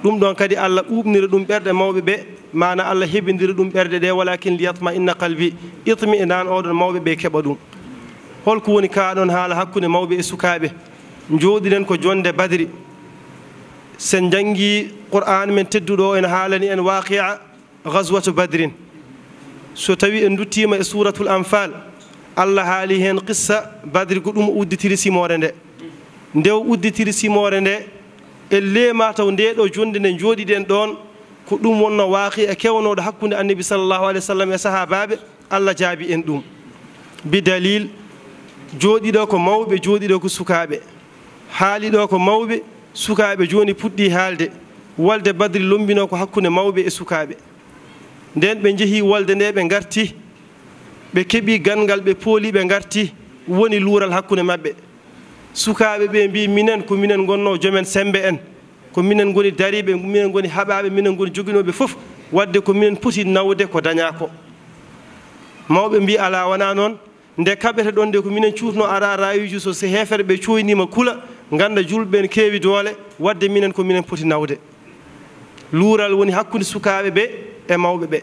ɗum ɗon kadi allah ɓuuɓnira ɗum ɓerɗe mawɓe ɓe mana allah heɓidira ɗum ɓerɗe ɗe walakin liyatma inna kalbi itmi e nan oɗon mawɓe ɓe keɓa ɗum holko woni kaaɗon haala hakkunde mawɓe e sukaaɓe jooɗiren ko jonde badri sen janngi qur'an men tedduɗo o en haalani en waqia gaswatu badrin so tawi en duttima e suratul anfal allah haali heen qissa badri ko ɗum udditiri simore nde nde o udditiri simore nde e lematawa nde ɗo jonde nde jooɗiɗen ɗon ko ɗum wonno waqi e kewnoɗo hakkunde annabi sallllahu alih w sallam e saha baɓe allah jaabi en ɗum bidalil jooɗiɗo ko mawɓe jooɗiɗo ko sukaaɓe haaliɗo ko mawɓe sukaaɓe jooni puɗɗi haalde walde badri lombino ko hakkunde mawɓe e sukaaɓe nden ɓe njehi walde nde ɓe ngarti ɓe keɓi ganngal ɓe pooli ɓe ngarti woni luural hakkunde maɓɓe sukaaɓe ɓe mbi minen ko minen gonno joomen sembe en ko minen ngoni dariɓe minen ngoni haɓaɓe minen ngoni joginoɓe fof wadde ko minen poti nawde ko dañako mawɓe mbi ala wona noon nde kaɓete ɗon nde ko minen cuutno ara rayiji so si heefere ɓe cuynima kula ganda julɓeɓe ne keewi doole wadde minen ko minen poti nawde luural woni hakkude sukaɓe ɓe e mawɓe ɓe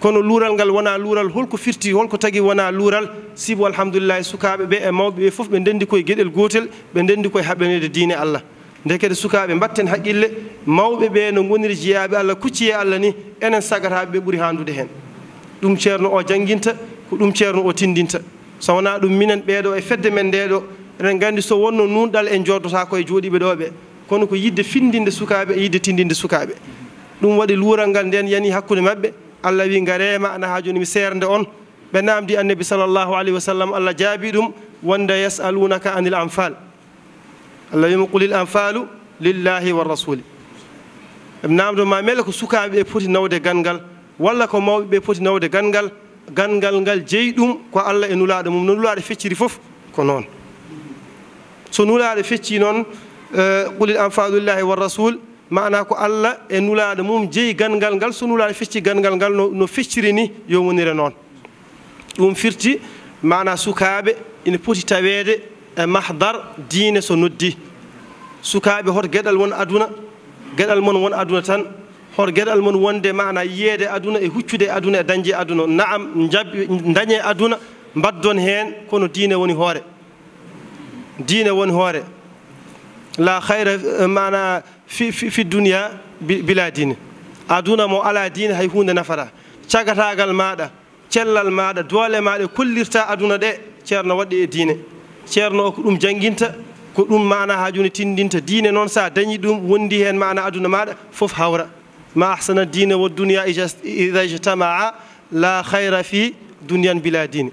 kono luural ngal wona luural holko firti holko tagi wona luural sibo alhamdulillah sukaɓe ɓe e mawɓe ɓe foof ɓe ndendi koye gueɗel gotel ɓe ndendi koye haɓɓanede diine allah nde kadi sukaɓe mbatten haqqille mawɓe ɓe no goniri jeeyaɓe allah kucciye allah ni enen sagataɓe ɓe ɓuuri handude hen ɗum ceerno o jangguinta ko ɗum o tindinta so wonaa dum minen beedo e fedde men deedo ɗo gandi so wonno nunɗal en jooɗotaa koye jodi be dobe kono ko yidde findinde sukabe e yidde tindinde sukabe dum wadi luural ngal den yani hakkunde mabbe alla wi garema ana haa jooni mi seernde on be namdi annabi sallallahu alaihi wasallam alla jabidum wanda yasalunaka anil anfal allah wima qulil anfal lillahi wa rasuli ɓe ma mele ko sukaaɓe ɓe poti nawde gangal walla ko mawbe foti nawde gangal gangal ngal jeydum ko allah e nulaaɗo mum no fecciri fof ko non so nulaaɗo fecci noon qulil anfadullahi war rasul mana ko allah e nulaaɗo mum jeey gangal ngal so nulaaɗo fecci gangal ngal no fecciri ni yomunire non dum firti mana sukabe ina poti tawede e mahdar diine so noddi sukaaɓe hor gedal won aduna gedal mon won aduna tan hor geɗal mon wonde mana yiyeede aduna e huccude e aduna e dañde e aduna naam jaɓi dañe e aduna mbaddon heen kono diine woni hoore diine woni hoore la hayra eh, mana fi fi fi duniya bila diine aduna mo ala diine hay hunde nafata cagatagal maɗa cellal maɗa doole maɗa kollirta aduna ɗe ceerno waɗi e diine ceerno o ko ɗum jangguinta ko ɗum mana ha joni tindinta diine noon sa dañi ɗum wondi hen mana aduna maɗa foof hawra ما أحسن الدين والدنيا إذا اجتمع لا خير في دنيا بلا دين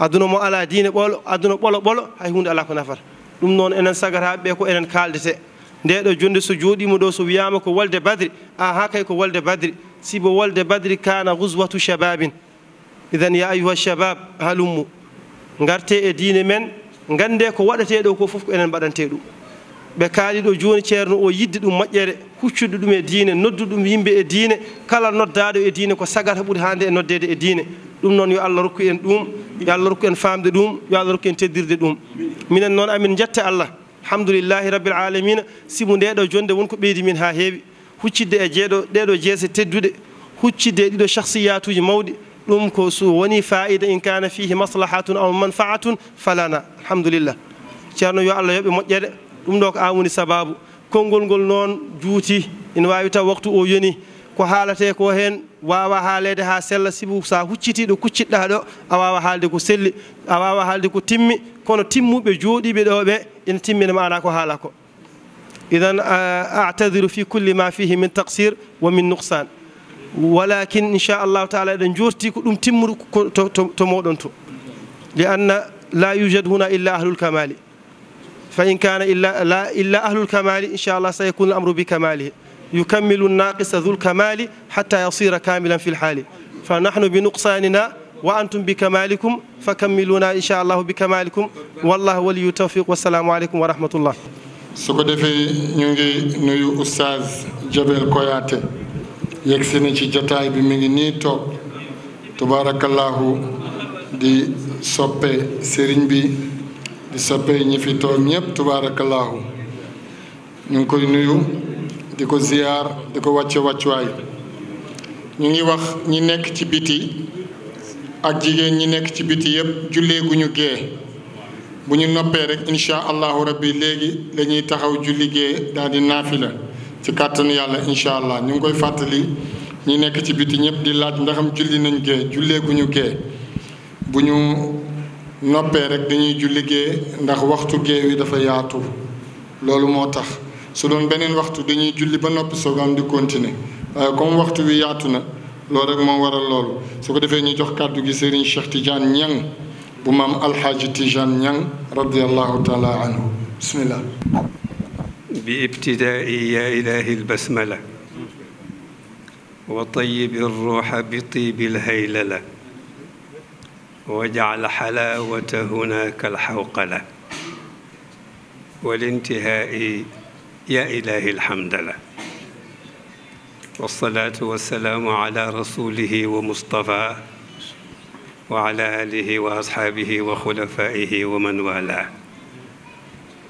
aduna mo ala diine ɓolo aduna ɓolo ɓolo hay hunde ala ko nafata ɗum noon enen sagata ɓe ko enen kaaldete nde ɗo jonde so jooɗima ɗo so wiyama ko wolde badri a ha kay ko wolde badri sibo wolde badri kana guswatu shababin idan ya ayuha shabab halummu garte e diine men gande ko waɗete ɗo ko foof ko enen mbaɗante ɗum ɓe kaaliɗo jooni ceerno o yidde ɗum moƴƴere huccude ɗum e diine noddu ɗum yimɓe e diine kala noddaɗo e diine ko sagata ɓuri hannde e noddede e diine ɗum noon yo allah rokku en ɗum yo allah rokku en famde ɗum yo allah rokku en teddirde ɗum minen noon amin jetta allah hamdoulillahi rabbil alamina simu ndeɗo jonde wonko ɓeydi min ha heewi huccidde e jeeɗo ɗeɗo jeese tedduɗe huccidde e ɗiɗo chahsiyatuji mawɗi ɗum ko so woni faida in kana fihi maslahatun aw manfaatun falana alhamdoulillah ceerno yo allah yoɓe moƴƴere dum ɗo ko an sababu kongol gol non juuti ina wawi taw waqtu o yoni ko halate ko hen wawa halede ha sella sibu sa hucciti do kuccitɗa do awawa halde ko selli awawa halde ko timmi kono timmuɓe jooɗiɓe ɗo ɓe ina timmina maana ko hala ko idan a'tadhiru fi kulli ma fihi min taqsir wa min nuqsan walakin inchallahu taala eɗen jorti ko ɗum timmuɗo to تو to li anna la yujad huna illa kamali فإن كان إلا, لا إلا أهل الكمال إن شاء الله سيكون الأمر بكماله يكمل الناقص ذو الكمال حتى يصير كاملا في الحال فنحن بنقصاننا وأنتم بكمالكم فكملونا إن شاء الله بكمالكم والله ولي التوفيق والسلام عليكم ورحمة الله سوكو ديفي نيغي ñu استاذ nuyu كوياتي يكسيني شي جوتاي بي ميغي ني توك تبارك الله دي سوبي سيرين بي di soppee ñi fi toog ñëpp tubaarakallaahu ñu ngi koy nuyu di ko ziyaar di ko wàcce wàccuwaay ñu ngi wax ñi nekk ci biti ak jigéen ñi nekk ci biti yëpp jullee gu ñu gee bu ñu noppee rek incha allahu rabbi léegi dañuy taxaw julli gee daldi di naafila ci kàttanu yàlla incha allah ñu ngi koy fàttali ñi nekk ci biti ñëpp di laaj ndaxam julli nañ gee jullee gu ñu gee bu ñu noppee rek dañuy julli gée ndax waxtu géew yi dafa yaatu loolu moo tax su doon beneen waxtu dañuy julli ba noppi soogaan di continuer waaye comme waxtu wi yaatu na loolu rek moo waral loolu su ko defee ñu jox kàddu gi Serigne Cheikh Tidiane Niang bu maam Alxaaji Tidiane Niang radiallahu taala anhu bismillah bi ibtidaai ya ilahi albasmala wa tayibi alruuxa bi tiibi alhaylala واجعل حلاوة هناك الحوقلة والانتهاء يا إلهي الحمد له والصلاة والسلام على رسوله ومصطفى وعلى آله وأصحابه وخلفائه ومن والاه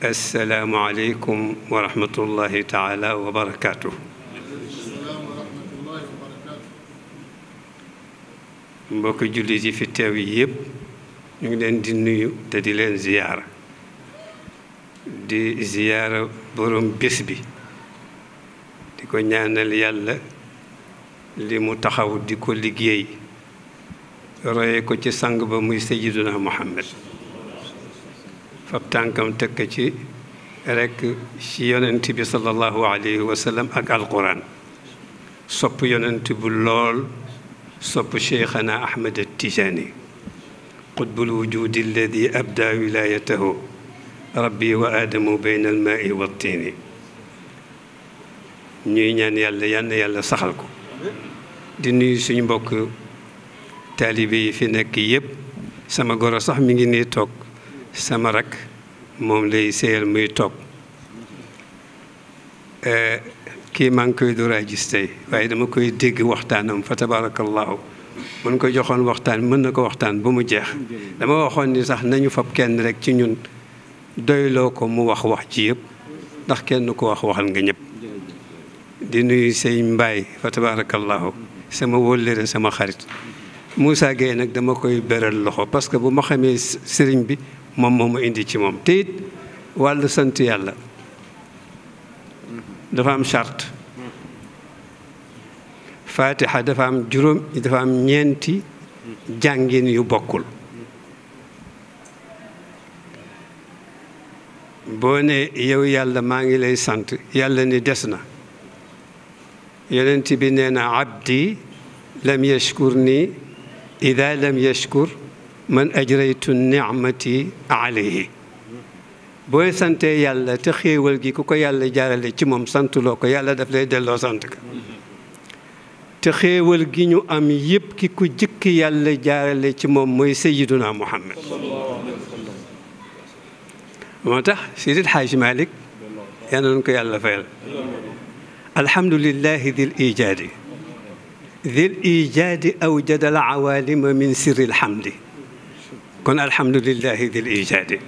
السلام عليكم ورحمة الله تعالى وبركاته mbokki jullit yi fi teew yi yëpp ñu ngi leen di nuyu te di leen ziyaara di ziyaara borom bés bi di ko ñaanal yàlla li mu taxaw di ko liggéey roye ko ci sang ba muy sayyiduna Muhammad fab tànkam tëkk ci rek ci yonent bi sallallahu alayhi wa sallam ak alquran sopp yonent bu lool صب شيخنا أحمد التجاني قطب الوجود الذي أبدى ولايته ربي وآدم بين الماء والطين ñuy ñaan yàlla yal na yàlla saxal ko di nuyu suñu mbokk taalibe yi fi nekk yëpp sama goro sax mi ngi nii toog sama rak moom lay seeyal muy toog كي مان كوي دوراي جيستي واي دما كوي ديغ وقتانم فتبارك الله من كو جوخون وقتان من نكو وقتان بومو جيخ دما واخون ني صاح نانيو فاب كين ريك تي نون دويلوكو مو واخ واخ جي ييب داخ كين نكو واخ واخال nga ييب دي نوي سي مباي فتبارك الله سما وولير سما خريط موسى جاي نك دما كوي بيرال لوخو باسكو بوما خامي سيرين بي موم موم اندي تي موم تيت والو سنت يالا dafa am charte fatiha dafa am juróom dafa am ñeenti jàngin yu bokkul boo ne yow yàlla maa ngi lay sant yàlla ni des na yonent bi nee na abdi lam yashkur ni ida lam yashkur man ajraytu nicmati yi boy sante yàlla te xéewal gi kuko yàlla jaarale ci moom santuloo ko yàlla daf lay delo sant ka te xéewal gi ñu am yépp ki ku jikki yàlla jaarale ci mom moy sayyiduna muhammad moo tax sidil xaaji malik yalla ko yàlla fayal alhamdulillahi dil ijaadi dil ijaadi awjada al awalima min sirri alhamdi kon alhamdulillahi dil ijaadi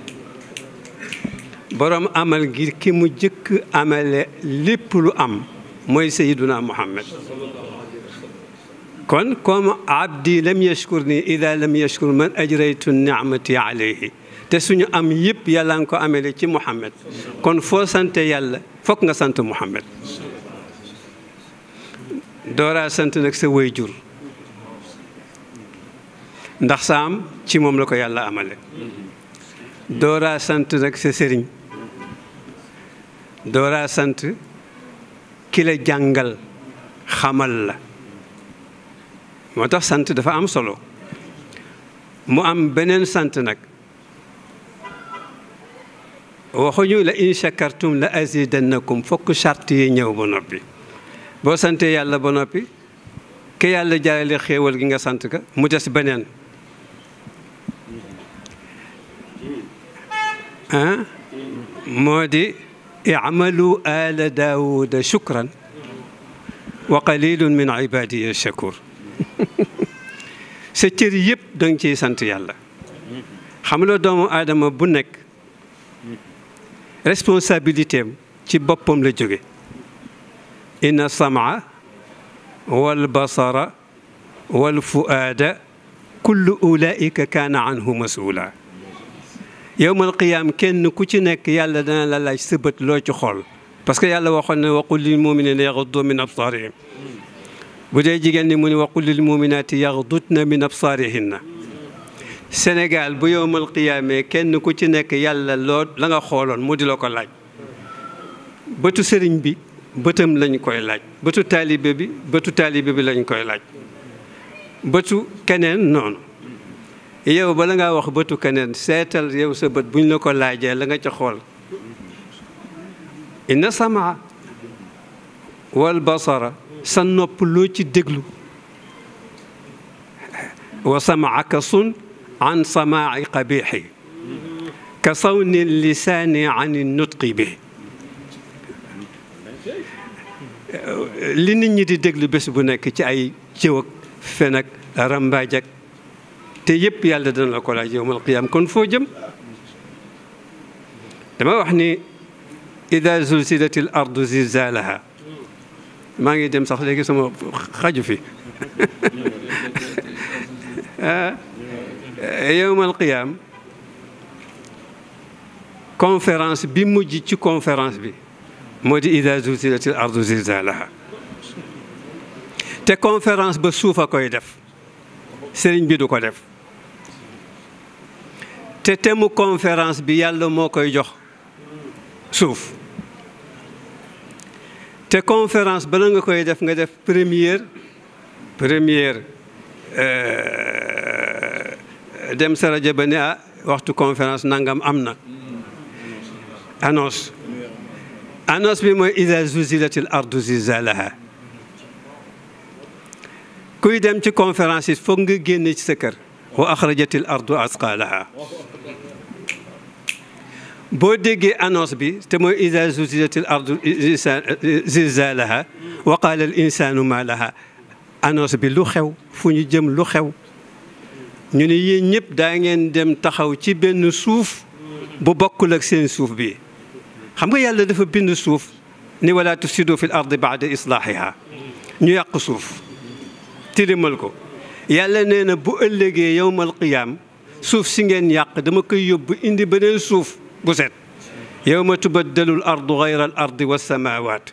boroom amal ngir ki mu jëkk amale lépp lu am mooy sayiduna muhammad kon comme abdi lam yashkur ni ida lam yashkur man ajraytu ni'mati alayhi te suñu am yëpp yàlla nga ko amele ci muhammad kon foo sante yàlla fokk nga sant muhammad dooraa sant nag sa waajur ndax saam ci moom la ko yàlla amale dooraa sant nag sa sëriñ dooraa sant ki la jàngal xamal la moo tax sant dafa am solo mu am beneen sant nag waxuñu la in shakartum la azidannakum fokk charte yi ñëw ba noppi boo santee yàlla ba noppi ke yàlla jaarale xéewal gi nga sant ka mu des beneen ah moo di اعملوا آل داود شكرا وقليل من عبادي الشكور sa cër yëpp danga ciy sant yàlla xam la doomu aadama bu nekk responsabilité am ci boppam la jóge inna samaa wal basara wal fuaada kullu ulaika kaana anhu masuula yowmal qiyaam kenn ku ci nekk yàlla dana la laaj sa bët loo ci xool parce que yàlla waxoon ne waqul lil muminina yaxuddu min absaarihim bu dee jigéen ni mu ne waqul lil muminaati yaxdudna min absaarihinna Sénégal bu yowmal qiyaamee kenn ku ci nekk yàlla loo la nga xooloon mu di la ko laaj bëtu sëriñ bi bëtam lañ koy laaj bëtu taalibe bi bëtu taalibe bi lañ koy laaj bëtu keneen noonu yow ba la nga wax beutu kenen setal yow sa beut buñ la ko laajee la nga ci xol inna samaa wal basara sa nopp lo ci déglu wa samaaka sun an sama'i qabihi ka sawni lisani an nutqi bi li nit ñi di déglu bés bu nek ci ay cëw ak fen ak rambaaj ak تجيب يا لدن الأقوال يوم القيامة كن فوجم دما وحني إذا زلزلت الأرض زلزالها ما يدم صح ليك سمو خج في آه. يوم القيامة كونفرنس بي موجي تي كونفرنس بي مودي إذا زلزلت الأرض زلزالها تكونفرنس بسوفا كويدف سيرين بي دوكو ديف te temu conférence bi yàlla moo koy jox suuf te conférence bala nga koy def nga def première première euh, dem sa ba ne ah waxtu conférence nangam am na annonce annonce bi mooy ida zuzilatil ardu zilzalaha kuy dem ci conférence yi foog nga génne ci sa kër وأخرجت الأرض أثقالها boo déggee annonce bi te mooy iza zulzilatil ardu zilzalaha wa qala al insanu ma laha annonce bi lu xew fu ñu jëm lu xew ñu ne yéen ñëpp daa ngeen dem taxaw ci benn suuf bu bokkul ak seen suuf bi xam nga yàlla dafa bind suuf ni wala tufsidu fil ardi ba'da islahiha ñu yàq suuf tilimal ko يالا نينا بو ألغي يوم القيام سوف سنجن ياق دما كيوب اندي بنين سوف بوسيت يوم تبدل الأرض غير الأرض والسماوات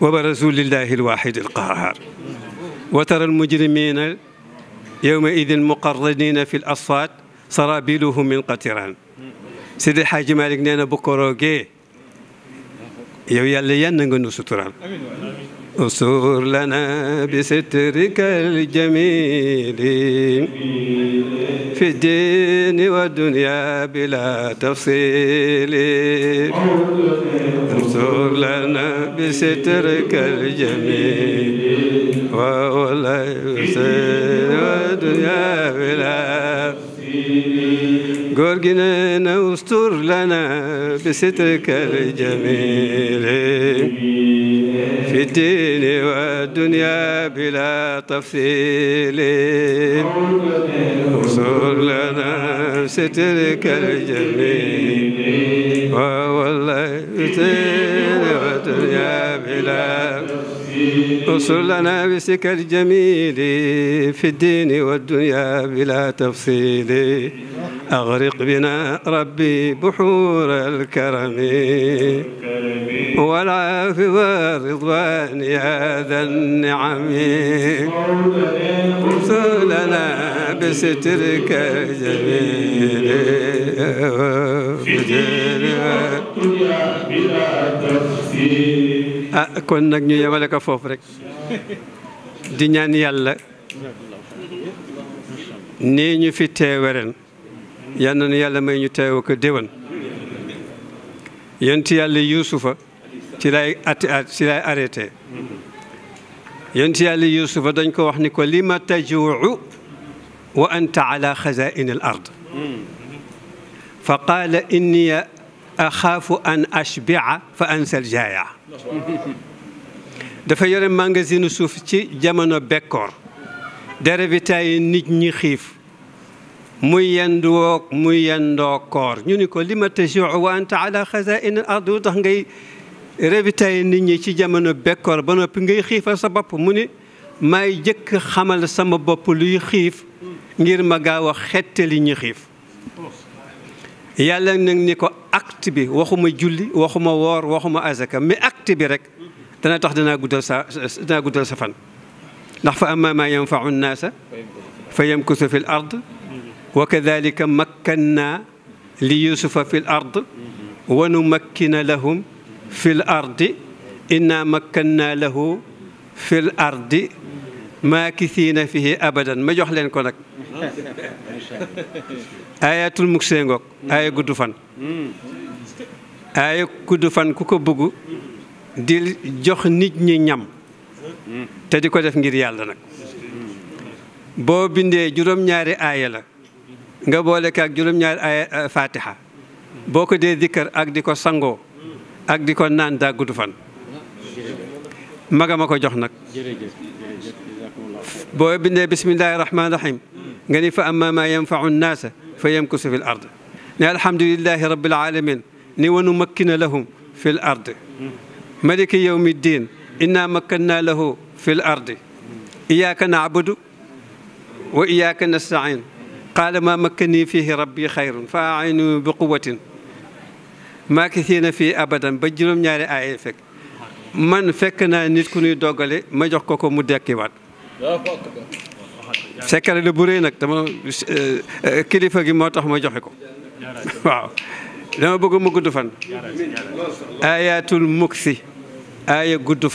وبرزول الله الواحد القهار وترى المجرمين يومئذ مقرنين في الأصفاد سرابيلهم من قتران سيدي الحاج مالك نانا بو كوروغي يو يالا يانا نغنو ستران امين استر لنا بسترك الجميل في الدين والدنيا بلا تفصيل استر لنا بسترك الجميل وهو يسر والدنيا بلا جورجينا واستر لنا بسترك الجميل في الدين والدنيا بلا تفصيل استر لنا بسترك الجميل والله الدين والدنيا بلا انصر لنا بسك الجميل في الدين والدنيا بلا تفصيل أغرق بنا ربي بحور الكرم والعافي والرضوان يا ذا النعم انصر لنا بسترك الجميل في الدين والدنيا بلا تفصيل ah kon nag ñu yemale ko foofu rek di ñaan yàlla nii ñu fi teewe ren yal na nu yàlla may ñu teewe ko déwén yonent yàlla yuusufa ci lay at ci lay arrêté yonent yàlla yuusufa dañ ko wax ni ko li ma tajuucu wa anta ala xazain al ard fa qaala inniya أخاف أن أشبع فأنسى الجائع dafa yore magasinu suuf ci jamono bekkoor dere bi tey nit ñi xiif muy yendoo muy yendoo koor ñu ni ko li ma tajuu wa anta ala xazain al ard lu tax ngay revitaay nit ñi ci jamono bekkoor ba noppi ngay xiifal sa bopp mu ni maay jëkk xamal sama bopp luy xiif ngir ma gaaw a xettali ñi xiif yàlla nak ni ko acte bi waxuma julli waxuma wor waxuma azaka mais acte bi rek dana tax dana guddal sa dana guddal sa fan ndax fa amma ma yanfau nnaasa fa yamkusu fil ard wa kadhalika makkanna li yusuf fil ard wa numakkina lahum fil ard inna makkanna lahu fil ard maakisiina fihi abadan ma jox leen ko nag ayatul muksee ngoog aaya gudd fan aaya gudd fan ku ko bëgg di jox nit ñi ñam te di ko def ngir yàlla nag boo bindee juróom-ñaari aaya la nga boole ko ak juróom-ñaari aaya eh, fatiha boo ko dee dikkar ak di ko sangoo ak di ko naan daa gudd fan magama ko jox nag بسم الله الرحمن الرحيم قال فأما ما ينفع الناس فيمكس في الأرض الحمد لله رب العالمين ني ونمكن لهم في الأرض ملك يوم الدين إنا مكنا له في الأرض إياك نعبد وإياك نستعين قال ما مكني فيه ربي خير فأعينوا بقوة كثينا فيه أبدا بجلوم نياري آيفك من فكنا fekk دوغالي ما ku ñuy وات سكر لبورينك تما آه، كلفة جماعة حما جحكم واو لما بقول مقد آيات المكسي آية قد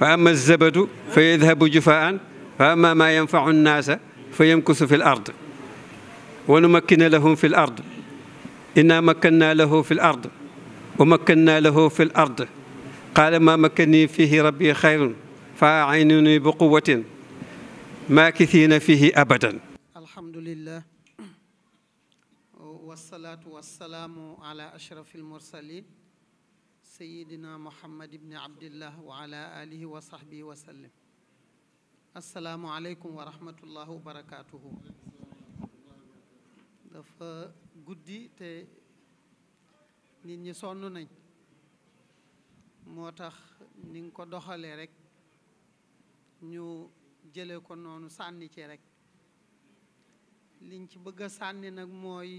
فأما الزبد فيذهب جفاء فأما ما ينفع الناس فيمكث في الأرض ونمكن لهم في الأرض إنا مكنا له في الأرض ومكنا له في الأرض قال ما مكني فيه ربي خير فاعينوني بقوة ماكثين فيه أبدا الحمد لله والصلاة والسلام على أشرف المرسلين سيدنا محمد بن عبد الله وعلى آله وصحبه وسلم السلام عليكم ورحمة الله وبركاته dafa guddi te nit ñi sonn nañ moo tax ñu jële ko noonu sànni ci rek liñ ci bëgg a sànni nag mooy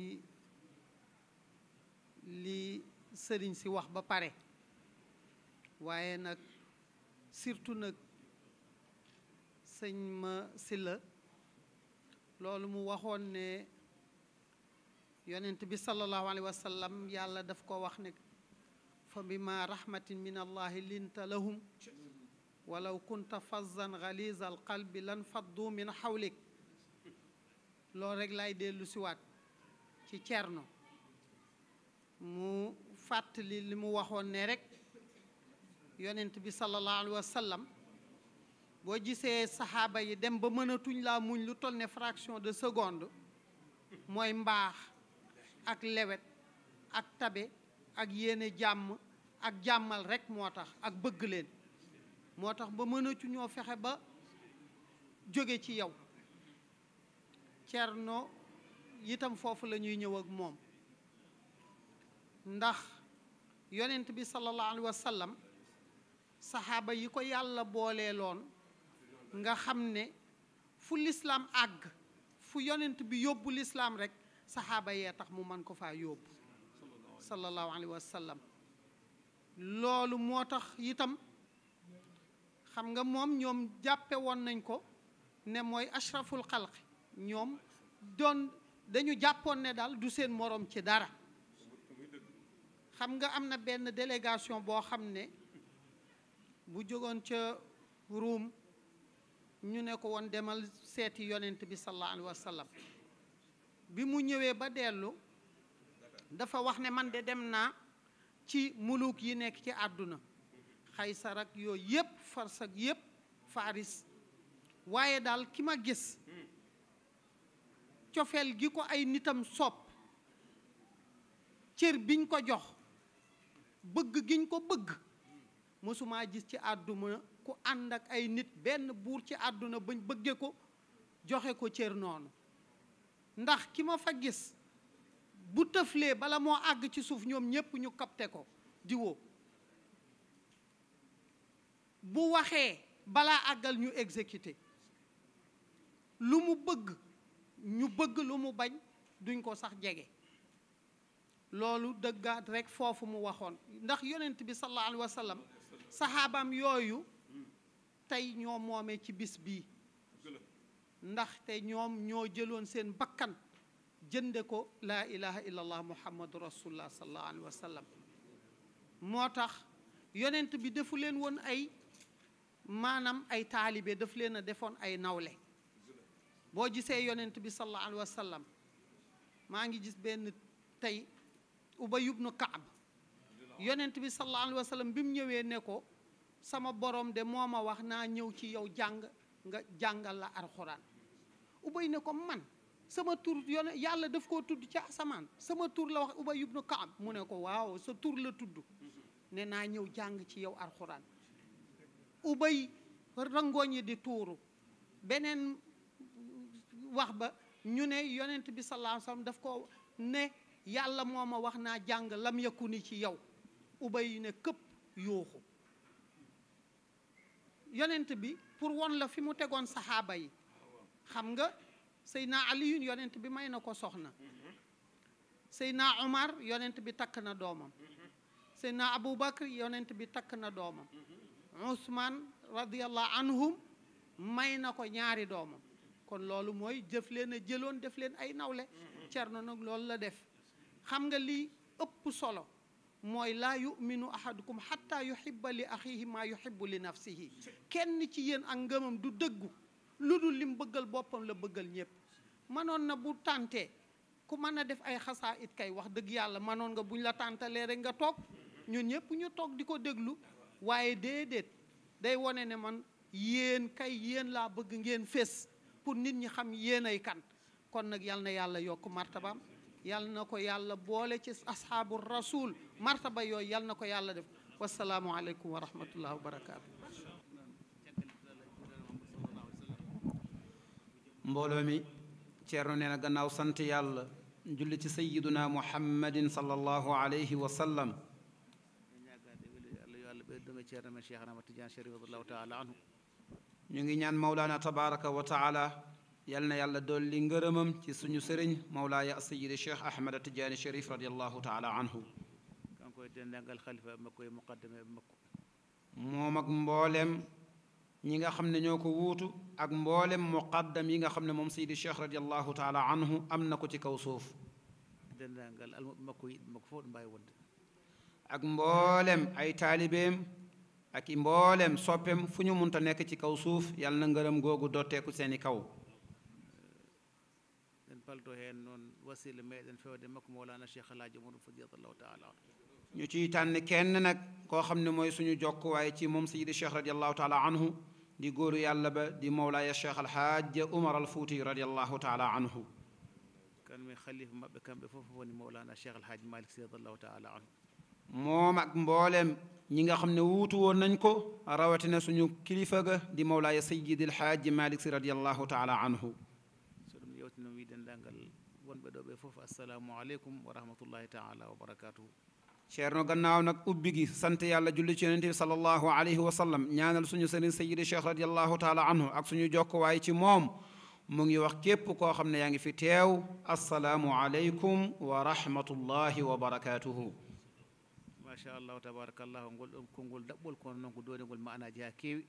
li sëriñ si wax ba pare waaye nag surtout nag sëñ ma silla loolu mu waxoon ne yonent bi sallallahu alayhi wa yàlla daf ko wax ne fa bi ma rahmatin min allahi ولو كنت فظا غليظ القلب لانفضوا من حولك لو رك لاي ديلو سي وات سي تيرنو مو فاتلي لي مو واخون ني رك يونت بي صلى الله عليه وسلم بو جيسي صحابه يي ديم با مناتوني لا موغ لو تول ني فراكسيون دو سكوند موي مباخ اك ليوت اك تابي اك يينه جام اك جامال رك موتاخ اك بغلين motax tax ba mënatu ñoo fexe ba joggé ci yow cierno yitam fofu lañuy ñëw ak mom ndax yonent bi sallallahu alayhi wasallam sahaba yi ko yàlla lon nga xamne fu l'islam ag fu yonent bi yóbbu l'islam rek sahaba ye tax mu man ko fa yóbbu sallallahu alayhi wasallam sallam motax yitam xam nga moom ñoom jàppe woon nañ ko ne mooy ashraful xalq ñoom doon dañu jàppoon ne daal du seen moroom ci dara xam nga am na benn délégation boo xam ne bu jógoon ca ruum ñu ne ko woon demal seeti yonent bi sallallahu alayhi wa sallam bi mu ñëwee ba dellu dafa wax ne man de dem naa ci muluk yi nekk ci àdduna Xaysar ak yep yep Fars ak yep Faris waye dal kima gis ciofel gi ko ay nitam sop cër biñ ko jox bëgg giñ ko bëgg musuma gis ci aduma ku andak ay nit ben buur ci aduna buñ bëgge ko joxe ko cër non ndax kima fa gis bu teufle bala moo ag ci suuf ñom ñépp ñu kapte ko wo bu waxee balaa àggal ñu exécuter lu mu bëgg ñu bëgg lu mu bañ duñ ko sax jege loolu dëggaat rekk foofu mu waxoon ndax yonent bi sallallahu saxaabaam yooyu tey ñoo moomee ci bis bii ndaxte ñoom ñoo jëloon seen bakkan jënde ko la ilaha illallah muhammadu rasulullah sallallahu alayhi wasalam moo tax yonent bi defu leen woon ay maanaam ay taalibe daf leen a defoon ay nawle boo gisee yonent bi sallallahu alayhi wa sallam maa ngi gis benn tey Ubay ibnu Kaab yonent bi sallallahu alayhi wa sallam bi mu ñëwee ne ko sama borom de moo ma wax naa ñëw ci yow jàng nga jàngal la alxuraan Ubay ne ko man sama tur yon yàlla daf koo tudd ci asamaan sama tur la wax Ubay ibnu Kaab mu ne ko waaw sa tur la tudd ne naa ñëw jàng ci yow alxuraan ubay rangooñ yi di tuuru beneen wax ba ñu ne yonent bi sallallahu alayhi daf ko ne yàlla moo ma wax naa jàng lam yëkku ni ci yow ubay ne këpp yuuxu yonent bi pour won la fi mu tegoon saxaaba yi xam nga Seydina Aliyun yonent bi may na ko soxna Seydina Omar yonent bi takk na doomam Seydina Aboubacar yonent bi takk na doomam Ousmane radiallahu anhum may na ko ñaari doomam kon loolu mooy jëf leen a jëloon def leen ay nawle cerno nag loolu la def xam nga li ëpp solo mooy laa yuminu ahadukum xatta yu li axihi maa yuhibbu li nafsihi kenn ci yéen ak ngëmam du dëggu lu dul lim bëggal boppam la bëggal ñépp manoon na bu tàntee ku mën a def ay xasaa it kay wax dëgg yàlla manoon nga buñ la tàntalee rek nga toog ñun ñëpp ñu toog di ko déglu waaye déedéet day wane ne man yéen kay yéen laa bëgg ngeen fés pour nit ñi xam yéen ay kan kon nag yal na yàlla yokk martabaam yal na ko yàlla boole ci asxaabu rasul martaba yooyu yal na ko yàlla def wasalaamualeykum wa rahmatullah wa barakaatu. mbooloo mi ceerno nee na gannaaw sant yàlla julli ci sayyiduna muhammadin sallallahu alayhi wa sallam ngërëme ceerno men Cheikh Ahmad Tidiane Chérif radiyallahu taala anhu ñu ngi ñaan mawlaana tabaraka wa taala yal na yàlla dolli ngërëmam ci suñu sëriñ mawlaaya sayyidi Cheikh Ahmad Tidiane Chérif radiyallahu taala anhu kankoy dendangal xalifa makko y muqaddame makko moom ak mboolem ñi nga xam ne ñoo ko wuutu ak mboolem muqaddam yi nga xam ne moom sayyidi Cheikh radiyallahu taala anhu am na ko ci kaw suuf dendangal al makko yi makko fof ɗo mbawi wonde ak mboolem ay taalibeem ak mbollem mbooleem fuñu munta nek ci kaw suuf yàlla na gogu googu dotteeku seni kaw palto hen non wasil meden fewde makko molana cheikh alhaji muɗum fadiyallahu taala ñu ci tan kenn nak ko xamne moy suñu jokk way ci mom sayyid cheikh radiallahu taala anhu di goru yàlla ba di mawla ya cheikh alhaaj umar alfuuti radiallahu taala anhu kan mi khalif mabbe kambe fofu woni mawlana cheikh alhaaj malik radiallahu taala anhu moom ak mboolem ñi nga xam ne wuutu woon nañ ko rawatina suñu kilifa ga di mawlaaya sayyidil haaji malik si radiyallahu taala anhu soɗum yewtino wiidendagal wonɓe ɗo ɓe fof assalamu aleykum wa rahmatullahi taala wa barakatuhu ceerno gannaaw nag ubbi gi sant yàlla julli ci yonente bi salallahu alayhi wa sallam ñaanal suñu sëriñ sayidi cheikh radiallahu taala anhu ak suñu jokkuwaay ci moom mu ngi wax képp koo xam ne yaa ngi fi teew assalaamu aleykum wa rahmatullahi wa barakatuhu machallahu tabarakallahu ngol ɗon konngol daɓɓol kono noon ko doonigol manaji ha keewi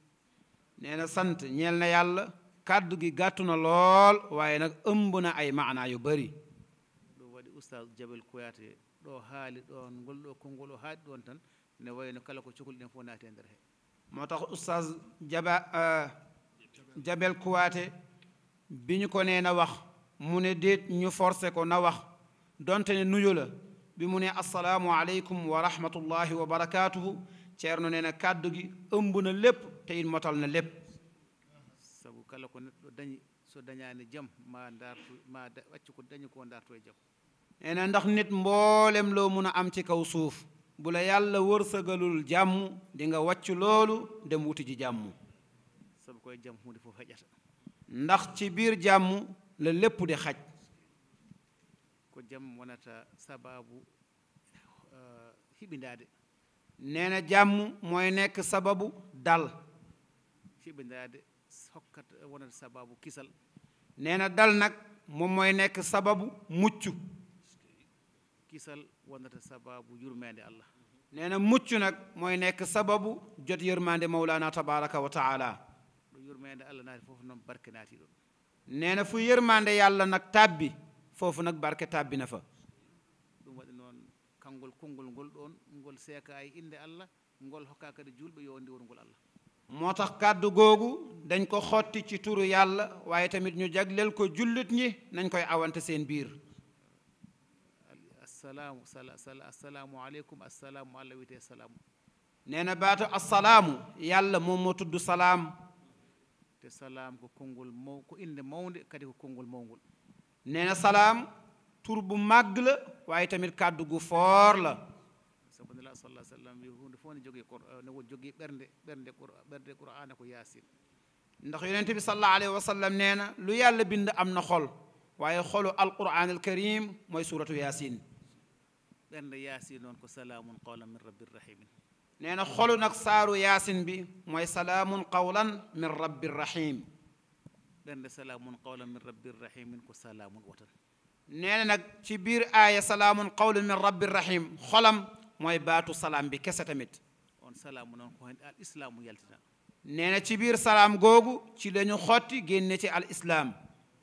nee sant ñeel na yàlla kàddu gi gàttu na lool waaye nag ëmb na ay maanaa yu bari ɗum waɗi oustaz jabel kuyate ɗo haali ɗon ngol ɗo konngol o haali ɗon tan ne wayi kala ko cohliɗen fof naati e ndeer he moo tax oustaz euh, jabel kuwaate bi ko nee wax mu ne déet ñu forcé ko na wax donte ne nuyu la bi mu ne assalaamu aleykum wa rahmatullahi wa barakaatuhu ceerno nee na kàddu gi ëmb na lépp te it motal na lépp sabu kala ko neɗɗo dañi so dañaani jam ma ndaartu ma waccu ko dañi ko ndaartu e jam nee na ndax nit mboolem loo mun a am ci kaw suuf bu la yàlla wërsëgalul jàmm di nga wàcc loolu dem wuti ji jàmm sabu koye jam hunde fof heƴata ndax ci biir jàmm la lépp di xaj ko jam wonata sababu eh, hiɓindaade nee na jàmm mooy nekk sababu dal hiɓindaade hokkat wonata sababu kisal nee na dal nag moom mooy nekk sababu mucc kisal wonata sababu yurmeende allah nee na mucc nag mooy nekk sababu jot yërmande mawlana tabaraka wa taala ɗo yurmende allah naati fu yërmande yàlla nag tàbbi foofu nag barke tàbbi na fa ɗum noon kanngol konngol ngol ɗon ngol seeka e innde allah ngol hokka kadi julɓe yo ndiworngol allah moo tax kàddu googu dañ ko xotti ci turu yàlla waaye tamit ñu jagleel ko jullit ñi nañ koy awante seen biir assalaamu assalaamu aleykum assalaamu allah witee salaamu nee na baatu assalaamu yàlla moom moo tudd salaam te salaam ko konngol maw ko innde mawnde kadi ko konngol mawngol nee na salaam tur bu màgg la waaye tamit kàddu gu foor la sabu nela sallah sallam wi hunde fof ne jogii qur ne wo jogii ɓernde ɓernde qur ɓernde qur'ana ko yaasin ndax yonente bi sallallahu alayhi wa sallam nee na lu yàlla bind am na xol waaye xolu alquran al karim mooy suratu yaasin ɓernde yaasin noon ko salaamun qawlan min rabbir rahimin nee na xolu nag saaru yaasin bi mooy salaamun qawlan min rabbir rahim dande salaamun qawlan min rabbir rahimin ko salaamun watan nee na nag ci biir aaya salaamun qawlan min rabbir rahim xolam mooy baatu salaam bi kese tamit on salaamu noon ko hen al islaamu yaltina nee na ci biir salaam googu ci lañu xotti génne ci al islaam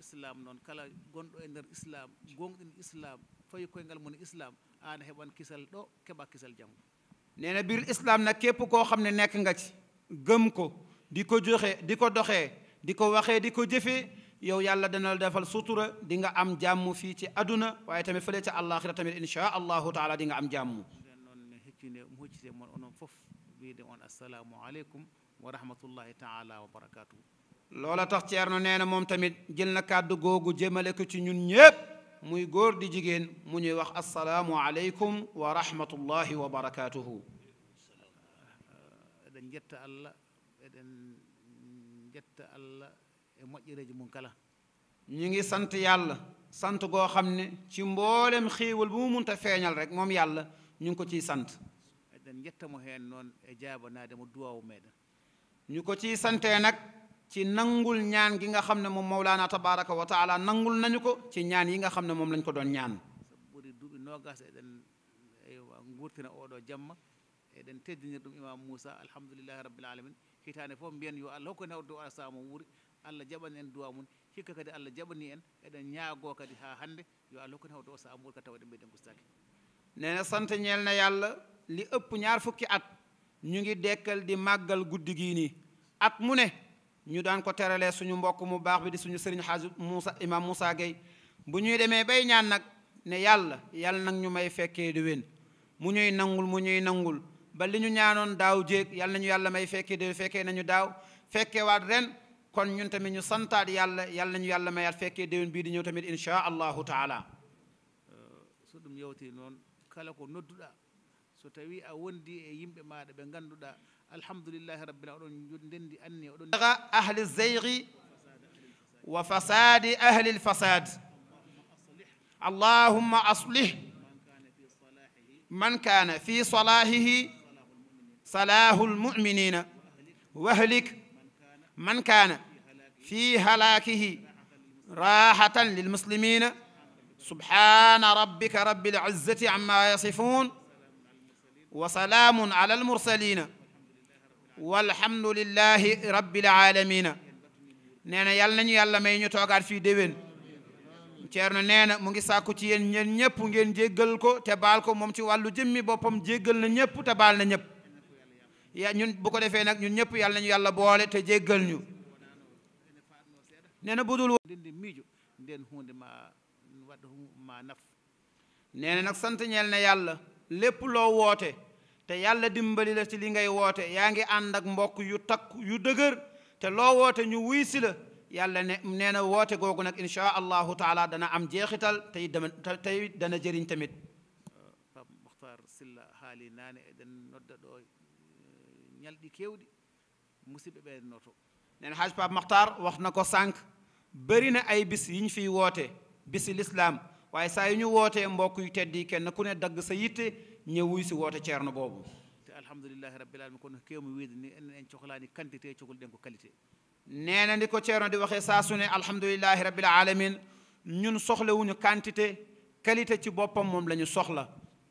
islam noon kala gonɗo e nder islam gonɗin islam fayi koyngal mum islam an heɓan kisal ɗo keɓa kisal janngo nee na biir islam nag képp koo xam ne nekk nga ci gëm ko di ko joxe di ko doxee diko ko waxee di ko jëfee yow yàlla dana la defal sutura di nga am jàmm fii ci aduna waaye tamit fële ca àllaaxira tamit insha allahu taala di nga am jàmm heccinde mo hoccite moon onon fof wiide on assalamu aleykum wa rahmatullahi taala wa barakatuhu loola tax ceerno nee na tamit jël na kàddu googu jëmale ko ci ñun ñépp muy góor di jigéen mu ñuy wax assalamu aleykum wa rahmatullahi wa barakatuhu eɗen jetta allah eɗen E ñu ngi sant yàlla sant goo xam ne ci mboolem xiiwal bu mu munta feeñal rek moom yàlla ñu ngi ko ciy sant e ñu ko ciy santee nag ci nangul ñaan gi nga xam ne moom mawlaana tabaraka wa taala nangul nañu ko ci ñaan yi nga xam ne moom lañ ko doon ñaan eɗen guurtina oɗo jamma eɗen teddinir ɗum imam moussa alhamdulillahi rabbil alamin hitaande fof mbiyen yo allah hokku newdo ala saa mo wuuri allah jaɓani en duwa mum hikka kadi allah jaɓani en eɗen ñaago kadi haa hannde yo allah hokku newdo o saa mo wuuri kadi taw eɗen mbiɗen gustaki nene sante ñelna yallah li ëpp ñaar fukki at ñu ngi dekkal di màggal guddi gii nii at mu ne ñu daan ko teralee suñu mbokk mu baax bi di suñu sëriñ xaaj muusa imam muusa gay bu ñuy demee bay ñaan nag ne yàlla yàlla nag ñu may fekkee di wén mu ñuy nangul mu ñuy nangul ba li ñu ñaanoon daaw jéeg yal nañu yàlla may fekkee de fekkee nañu daaw fekkeewaat ren kon ñun tamit ñu santaat yàlla yal nañu yàlla mayaat fekkee déwén bii di ñëw tamit insha allahu taala so ɗum yewti noon kala ko nodduɗa so tawi a wondi e yimɓe maɗa ɓe ganduɗa alhamdulillahi rabbina oɗon ndendi anni oɗon ahli zeyri wa fasadi ahli lfasad allahumma aslih man kana fi salahihi صلاح المؤمنين وهلك من كان في هلاكه راحة للمسلمين سبحان ربك رب العزة عما يصفون وسلام على المرسلين والحمد لله رب العالمين نانا يالنا يالنا ما ينتوغار في دوين تيرنا نانا مونغي ساكو تيين نيب نيب نجيغل ممتي والو جمي بوبم جيغل تبال نيب ya ñun bu ko defee nag ñun ñëpp yàlla nañu yàlla boole te jéggal ñu nee na budul nee na nag sant ñeel ne yàlla lépp loo woote te yàlla dimbali la ci li ngay woote yaa ngi ànd ak mbokk yu takk yu dëgër te loo woote ñu wuy si la yàlla ne nee na woote googu nag insha allahu taala dana am jeexital tey dama dana jëriñ tamit Pape ñalɗi kewɗi musidɓe ɓeydannoto nen haj pape mahtar waxna ko sànq bëri ay bis yi ñu fiy woote bisi lislaam waaye sa yi ñu woote mbokk yu tedd yi kenn ku ne dagg sa yitte ñëwuy si woote ceerno boobu te alhamdulillahi rabbil alamin kono kewmi wiide ni enen en cohlaani quantité cogol ɗen ko qualité nee na ko ceerno di waxee saa su ne alhamdulillahi rabbil alamin ñun soxlawuñu quantité qualité ci boppam moom la ñu soxla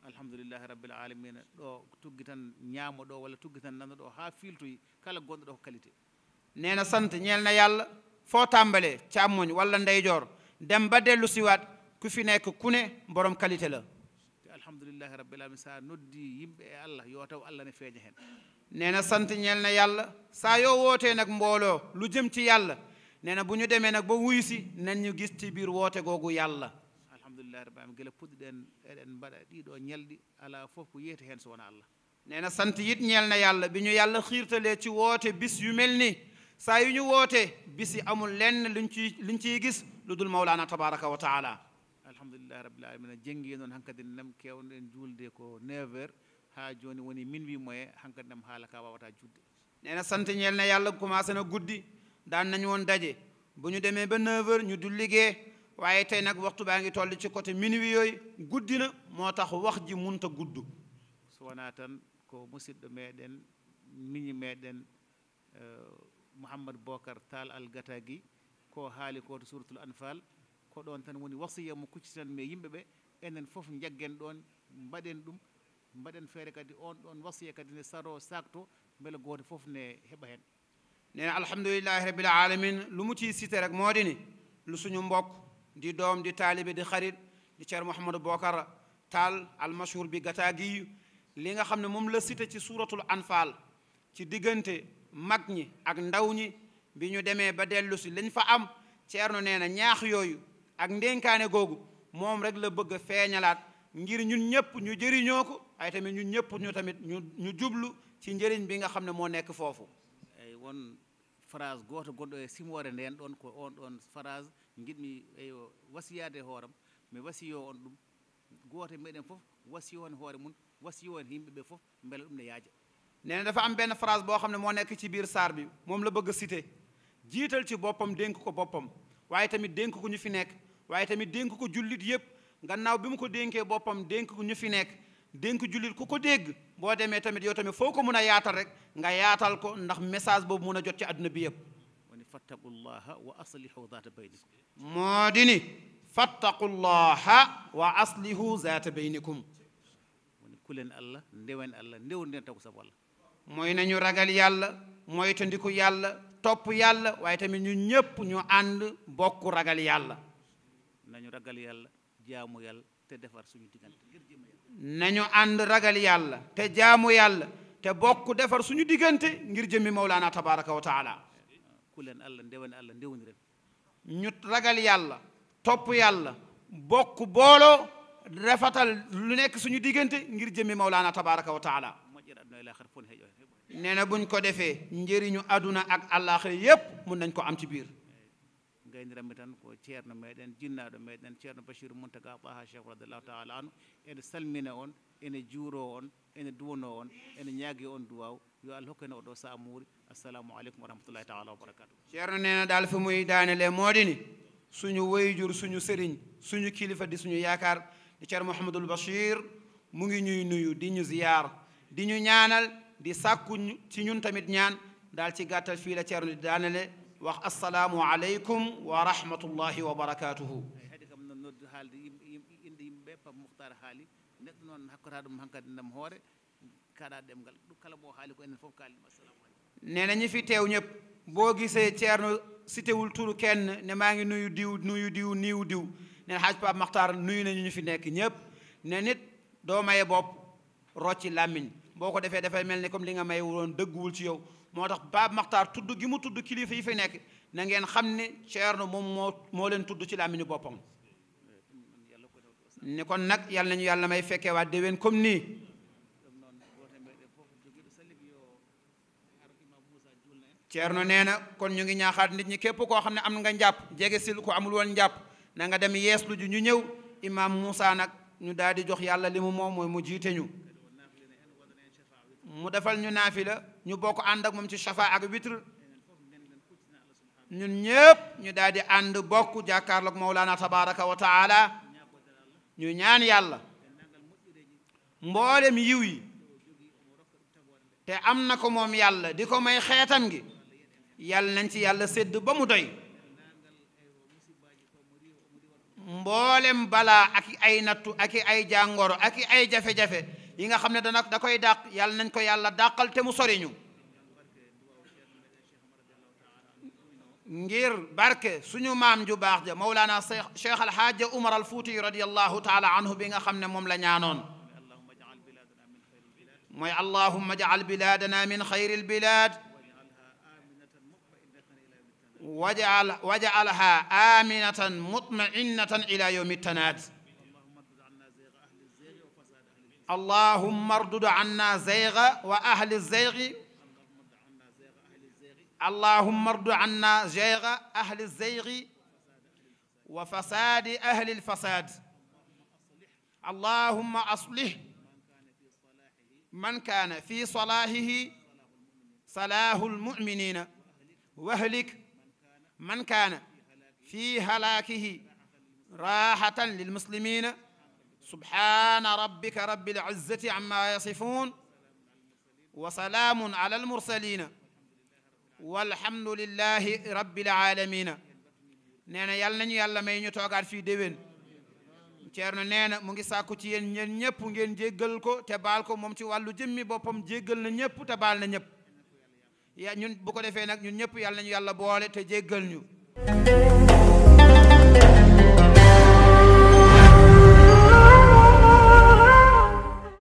alhamdoulillahi rabbil alamina ɗo tuggi tan ñaamo ɗo walla tuggi tan nanda ɗo haa fiiltoyi kala gonɗo ɗo ko qualité neena sante ñeelna yallah fo tambale caammoñ walla ndeyjoor dem baddellu siwat ku fi nekk kune borom qualité la alhamdoulillahi rabbil alamin sa noddi yimɓe e allah yo taw allah ne feeña heen neena sante ñeelna yallah sa yo woote nag mbooloo lu jëm ci yallah neena bu ñu demee nag ba wuysi nan ñu gis ci biir woote googu yallah laarbaami gila puɗɗiɗen eɗen mbaɗa ɗiɗo ñalɗi ala fof ko yeeti hen so wona allah nee na sant yit ñeel yalla biñu yalla ñu ci woote bis yu mel ni saa yu ñu wootee amul lenn luñ ciy luñ ciy gis lu dul mawlaana tabaraka wa taala alhamdulillahi rabbil alamina jengi non han kadi nam kewɗen juulde ko 9 h ha joni woni min wi moye han kadi nam haala ka wawataa juulde nee na sant ñeel na yàlla commencé na guddi daan nañu won daje bu ñu demee ba 9 h ñu du liggéey waye tay nak waxtu baangi ngi toll ci côté minuit yoy guddina motax wax ji munta guddu sowona tan ko musidɗo meɗen miñi euh mohammed bokar tal al gatagi ko hali ko to suratul anfal ko don tan woni wasiya mo tan me yimbe be enen foof njaggen don mbaden dum mbaden fere kadi on don wasiya kadi ne saro sakto beele goto foof ne heba hen nena alhamdulillahi rabbil alamin lu mu ciy cité rek moo lu suñu mbokk di doom di taalibe di xarit di Ceerno Mouhamadou Bokar Taal almashhur bi Gataagi li nga xam ne moom la cité ci suuratul anfaal ci diggante mag ñi ak ndaw ñi bi ñu demee ba dellu si lañ fa am Ceerno nee na ñaax yooyu ak ndénkaane googu moom rek la bëgg feeñalaat ngir ñun ñëpp ñu jëriñoo ko ay tamit ñu ñëpp ñu tamit ñu ñu jublu ci njëriñ bi nga xam ne moo nekk foofu eyi won phrase gooto goɗɗo e simoore ndeen ɗon ko on ɗon phrase jiɗmi mi wasiyade e hooram mi wasiyo on ɗum gooto meɗen fof wasiyo on hoore mum wasiyo on yimɓe ɓe fof beela ɗum ne yaaja nee na dafa am benn phrase boo xam ne moo nekk ci biir saar bi moom la bëgg a jiital ci boppam dénk ko boppam waaye tamit dénk ko ñu fi nekk waaye tamit dénk ko jullit yépp gannaaw bi mu ko dénkee boppam dénk ko ñu fi nekk dénk jullit ku ko dégg boo demee tamit yow tamit foo ko mun a yaatal rek nga yaatal ko ndax message boobu mun a jot ci àdduna bi yépp fattaqullaha wa aslihu zaata baynikum moo di ni fattaqullaha wa aslihu zaata baynikum woni kulen allah ndewen allah ndewnden taw sabu allah mooy nañu ragal yàlla moytandiku yàlla topp yàlla waaye tamit ñu ñëpp ñu ànd bokk ragal yàlla nañu ragal yàlla jaamu yàlla te defar suñu diggante nañu ànd ragal yàlla te jaamu yàlla te bokk defar suñu diggante ngir jëmmi mawlaana tabaraka wa taala kulen allah ndewane allah ndewniren ñu ragal yàlla topp yàlla bokk bolo refatal lu nekk suñu diggante ngir jëmmi Maulana tabaraka wa taala nee na buñ ko defee njëriñu aduna ak àllaaxira yépp mun nañ ko am ci biir gayniranmi tan ko ceerno meɗen jinnaɗo meɗen ceerno bachir mountaga ɓaha cheikh radiallahu taala anu ene salmina on ene juro on ene duwano on ene ñaagi on duwaw yo allah hokkene oɗo saamuuri assalamu aleykum wa rahmatullahi taala wa barakatu ceerno neena daal fa muy daanele mooɗi ni suñu wayjur suñu sëriñ suñu kilifa di suñu yaakaar di ceerno mouhamadoul bachir mu ngi ñuy nuyu di ñu ziyaar di ñu ñaanal di sàkku ci ñun tamit ñaan daal ci gàttal fii la ceerno di daanele wax assalamu aleykum wa rahmatullahi wa barakatuhu hade kam noon noddu haalde inde yimɓe ɓe pam mouhtar haali neɗɗo noon hakkata ɗum hankkadi ndem hoore nee na ñi fi teew ñëpp boo gisee Thierno citewul turu kenn ne maa ngi nuyu diw nuyu diw niiw diw nee na xaaj Pape Makhtar nuyu nañu ñu fi nekk ñëpp ne nit doo maye bopp rocci làmmiñ boo ko defee dafay mel ni comme li nga may woon dëgguwul ci yow moo tax Pape maxtaar tudd gi mu tudd kilifa yi fi nekk na ngeen xam ne Thierno moom moo moo leen tudd ci làmmiñu boppam eh, ne kon nag yàlla nañu yàlla may fekkee waa déwén comme nii Ceerno nee na kon ñu ngi ñaaxaat nit ñi képp koo xam ne am nga njàpp jege sil ko amul woon njàpp na nga dem lu ju ñu ñëw imaam Moussa nag ñu daal di jox yàlla li mu moom mooy mu jiite ñu mu defal ñu naafila ñu bokk ànd ak moom ci shafa ak witr ñun ñëpp ñu daal di ànd bokk jàkkaarloog Mawlana tabaraka wa taala ñu ñaan yàlla mboolem yiw yi te am na ko moom yàlla di ko may xeetam gi yàlla nanti ci yàlla sédd ba mu doy mboolem balaa ak ay nattu ak ay jàngoro ak ay jafe-jafe yi nga xam dana da koy dàq yàlla nañ ko yàlla dàqal te mu soriñu ngir barke suñu maam ju baax ja mawlaana cheikh alxaaja umar al futi radiallahu taala anhu bi nga xam ne moom la ñaanoon mooy allahumma jacal bilaadana min xayri albilaad وجعل وجعلها آمنة مطمئنة إلى يوم التناد اللهم اردد عنا زيغ وأهل الزيغ اللهم اردد عنا زيغ أهل الزيغ وفساد أهل الفساد اللهم أصلح من كان في صلاحه صلاح المؤمنين واهلك من كان في هلاكه راحة للمسلمين سبحان ربك رب العزة عما يصفون وسلام على المرسلين والحمد لله رب العالمين نانا يالنا يالا ما ينتوغار في دبن تيرنا نانا مونغي ساكو تيين نيب نين جيغل كو تبال كو مومتي والو جيمي بوبام جيغل نيب تبال نيب ya ñun bu ko defee nag ñun ñëpp yàlla nañu yàlla boole te jéggal ñu